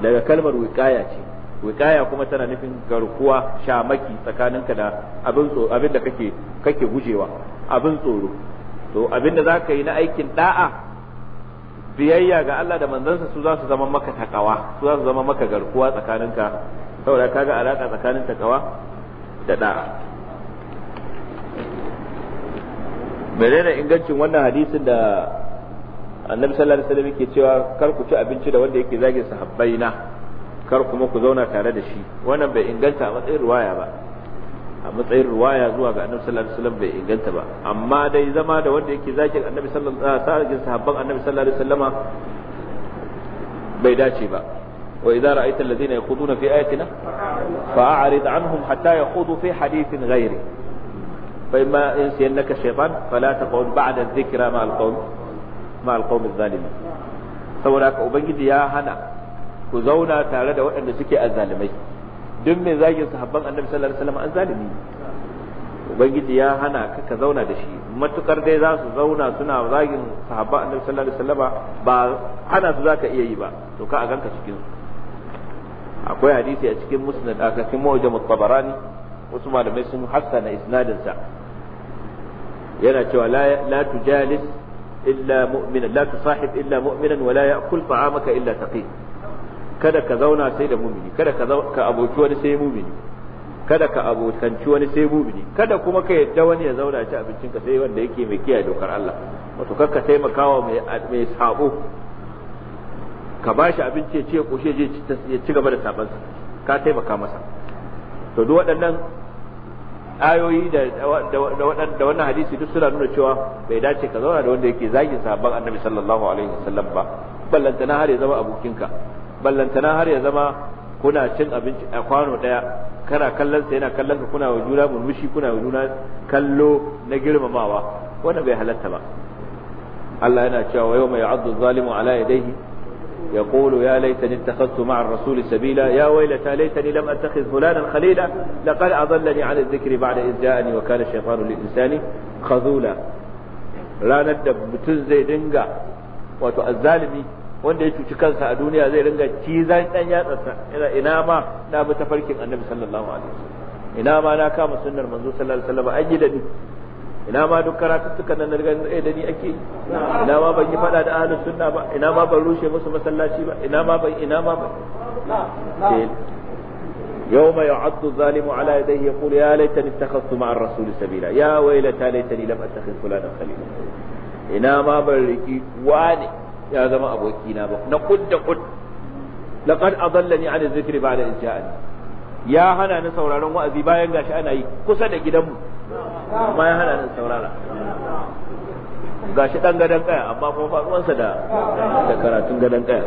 Speaker 1: daga kalmar wiqaya ce wikaya kuma tana nufin garkuwa shamaki tsakaninka da abin abin da kake kake gujewa abin tsoro to abin da zaka yi na aikin da'a biyayya ga Allah da manzansa su za su zama maka takawa su za su zama maka garkuwa tsakaninka saboda kaga alaka tsakanin takawa da da'a menene ingancin wannan hadisin da annabi sallallahu alaihi wasallam yake cewa kar ku ci abinci da wanda yake zage sahabbaina kar kuma ku zauna tare da shi wannan bai inganta a matsayin ruwaya ba a matsayin ruwaya zuwa ga annabi sallallahu alaihi wasallam bai inganta ba amma dai zama da wanda yake zakin annabi sallallahu alaihi wasallam sahabban annabi sallallahu alaihi wasallama bai dace ba wa idza ra'aita alladhina yakhuduna fi ayatina fa'arid anhum hatta yakhudu fi hadithin ghairi fa imma yansiyannaka shaytan fala taqul ba'da adh-dhikra ma al-qawm ma al-qawm adh-dhalimin saboda haka ubangiji ya hana ku zauna tare da waɗanda suke azzalimai duk mai zagin sahabban annabi sallallahu alaihi wasallam an zalimi ubangiji ya hana ka ka zauna da shi matukar dai za su zauna suna zagin sahabban annabi sallallahu alaihi wasallam ba hana su zaka iya yi ba to ka a ganka cikin akwai hadisi a cikin musnad a cikin mawjam at wasu malamai sun hassana isnadin sa yana cewa la la tujalis illa mu'mina la tusahib illa mu'minan wa la ya'kul ta'amaka illa taqi kada ka zauna sai da mumini kada ka aboki wani sai mumini kada ka abokanci wani sai mumini kada kuma ka yadda wani ya zauna ci abincin ka sai wanda yake mai kiyaye dokar Allah wato kakka taimakawa mai sabo ka ba shi abinci ya ce koshe je ya ci gaba da sa ka taimaka masa to duk waɗannan ayoyi da da wannan hadisi duk suna nuna cewa bai dace ka zauna da wanda yake zagin sahabban annabi sallallahu alaihi wasallam ba ballantana har ya zama abokinka ballantana har ya zama kuna cin abinci a kwano ɗaya kana kallon sa yana kallon ka kuna wujura murmushi kuna wujura kallo na girmamawa wanda bai halarta ba Allah yana cewa wa mai ya'addu zalimu ala yadayhi yaqulu ya laitani ittakhadtu ma'a ar-rasuli sabila ya waylata laitani lam attakhidh fulanan khalila laqad adallani 'ala adh-dhikri ba'da izjani wa kana ash-shaytanu lil-insani khazula ranar da mutum zai dinga wato azzalimi az wanda ya cuci kansa a duniya zai ringa cizan dan yatsarsa ina ina ma na bi tafarkin annabi sallallahu alaihi wasallam ina ma na kama sunnar manzo sallallahu alaihi wasallam an yi da ni ina ma duk karatuttukan nan eh da ni ake ina ma ban yi fada da ahlus sunna ba ina ma ban rushe musu masallaci ba ina ma ban ina ma ban يوم يعض الظالم على يديه يقول يا ليتني اتخذت مع الرسول سبيلا يا ويلتى ليتني لم اتخذ فلانا خليلا ina ma ban riki ya zama abokina ba na kud da kud laqad adallani an zikri ba'da iz ja'ani ya hana ni sauraron wa'azi bayan gashi ana yi kusa da gidanmu
Speaker 2: amma ya hana ni
Speaker 1: saurara gashi dan gadan kaya amma kuma faruwansa da da karatun gadan kaya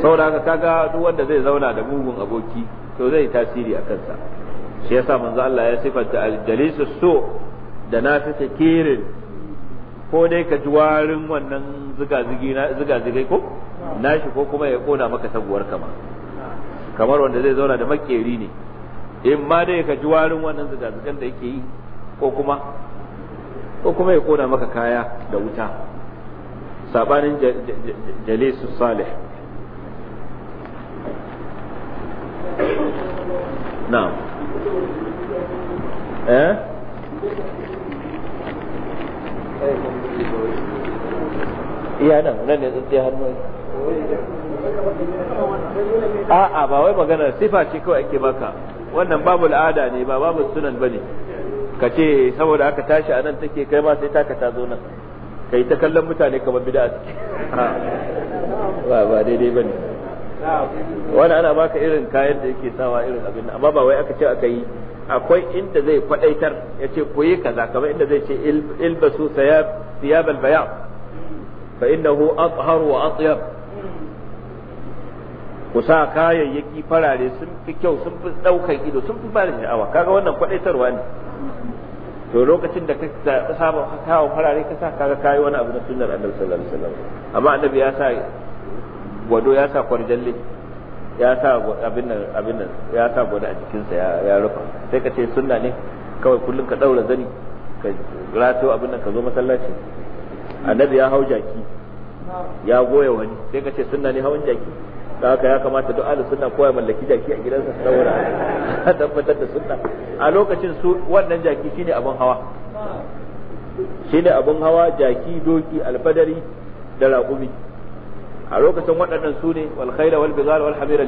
Speaker 1: saboda haka kaga duk wanda zai zauna da mugun aboki to zai tasiri a kansa shi yasa manzo Allah ya sifanta al-jalisus su da nafisa kirin ko dai ka ji warin wannan zigazigai ko nashi ko kuma ya kona maka taguwar kama kamar wanda zai zauna da makeri ne in ma dai ka ji warin wannan zigazigan da yake yi ko kuma ko kuma ya kona maka kaya da wuta sabanin jalisu salih na'am eh iya nan nan ne tsintsiya hannu a'a ba wai maganar sifa ce kawai ake baka wannan babu al'ada ne ba babu sunan bane ka ce saboda aka tashi a nan take kai ma sai taka ta zo nan kai ta kallon mutane kamar bid'a ba ba daidai bane wani ana baka irin kayan da yake sawa irin abin amma ba wai aka ce aka yi akwai inda zai kwadaitar ya ce ku yi kaza kamar inda zai ce ilbasu thiyab al-bayan fa innahu athharu wa atyab ku sa kayayyaki farare sun fi kyau sun fi daukan ido sun fi bada sha'awa kaga wannan kwadaitarwa ne to lokacin da ka saba kawo farare ka sa kaga kayi wani abu na sunnar annabi sallallahu alaihi wasallam amma annabi ya sa wado ya sa kwarjalle ya sa abin nan abin nan ya sa gwada a jikinsa ya rufa sai ka ce sunna ne kawai kullum ka daura zani ka rato abin nan ka zo masallaci annabi ya hau jaki ya goya wani sai ka ce sunna ne hawan jaki da haka ya kamata duk alu sunna kowa mallaki jaki a gidansa saboda a tabbatar da sunna a lokacin su wannan jaki shine abin hawa shine abin hawa jaki doki alfadari da raƙumi a lokacin waɗannan su ne wal khayla wal bizar wal hamira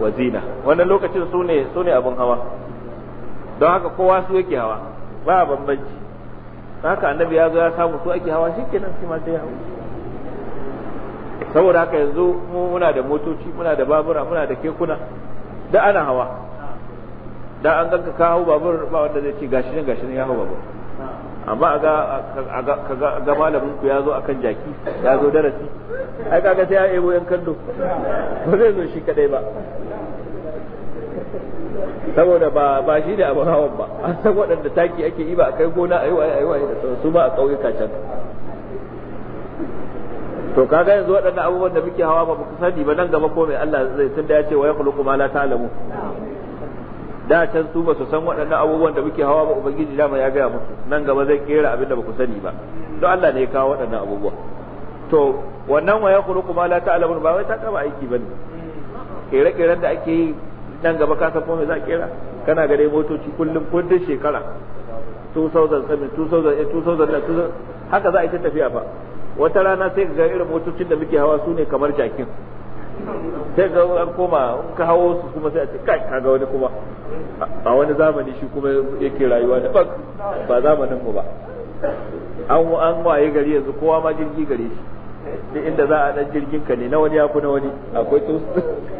Speaker 1: wa zina wannan lokacin su ne su ne abin hawa don haka kowa su yake hawa ba bambanci haka annabi ya zo ya samu su ake hawa shikenan shi ma sai ya hawa saboda haka yanzu mu muna da motoci muna da babura muna da kekuna da ana hawa da an ganka ka hau babur ba wanda zai ce gashi ne gashi ne ya hau babur amma a ga malamin ku ya zo akan jaki ya zo darasi ai kaga sai ya ebo yan kallo ba zai zo shi kadai ba saboda ba ba shi da abin hawan ba an san waɗanda taki ake yi ba a kai gona ayi waye ayi waye da su ba a ƙauyuka can to kaga yanzu waɗannan abubuwan da muke hawa ba ku sani ba nan gaba ko mai Allah zai tunda ya ce wa ya khuluqu ma la ta'lamu da can su ba su san waɗannan abubuwan da muke hawa ba ubangiji dama ya gaya musu nan gaba zai kera abin da ba ku sani ba don Allah ne ya kawo waɗannan abubuwa to wannan wa yakhluqu ma la ta'lamu ba wai ta kama aiki bane Kera-kera da ake yi nan gaba ka san me za kera kana ga dai motoci kullum kullum shekara 2007 2008 haka za a yi ta tafiya ba wata rana sai ga irin motocin da muke hawa su ne kamar jakin sai ga an koma ka hawo su kuma sai a ce kai kaga wani kuma a wani zamani shi kuma yake rayuwa da ba zamanin mu ba an an waye gari yanzu kowa ma jirgi gare shi duk inda za a dan jirgin ka ne na wani ya fi na wani akwai tus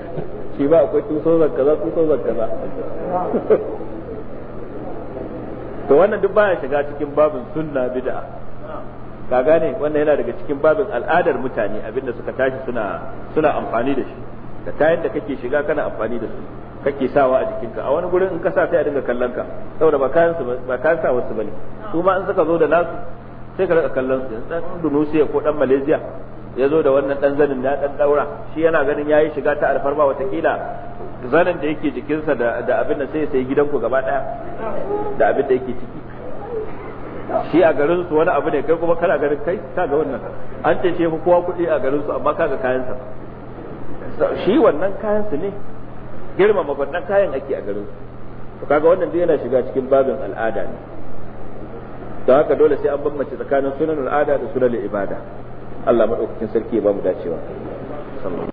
Speaker 1: shi ba akwai tusozan kaza tusozan kaza to wannan duk baya shiga cikin babin sunna bid'a ka gane wannan yana daga cikin babin al'adar mutane abinda suka tashi suna suna amfani da shi da ta yadda kake shiga kana amfani da su kake sawa a jikinka a wani gurin in ka sa sai a dinga kallon ka saboda ba kayan su sa wasu bane su ma in suka zo da nasu sai ka rika kallon su dan Indonesia ko dan Malaysia ya zo da wannan dan zanin na dan daura shi yana ganin yayi shiga ta alfarma watakila zanin da yake jikinsa da abin da sai sai gidanku gaba daya da abin da yake ciki shi a garin su wani abu ne kai kuma kana garin kai ga wannan an ce shi fi kowa kuɗi a garin su amma kaga kayan sa shi wannan kayan su ne girmama wannan kayan ake a garin su to kaga wannan duk yana shiga cikin babin al'ada ne don haka dole sai an bambance tsakanin sunan al'ada da sunan ibada Allah madaukakin sarki ya ba mu dacewa sallallahu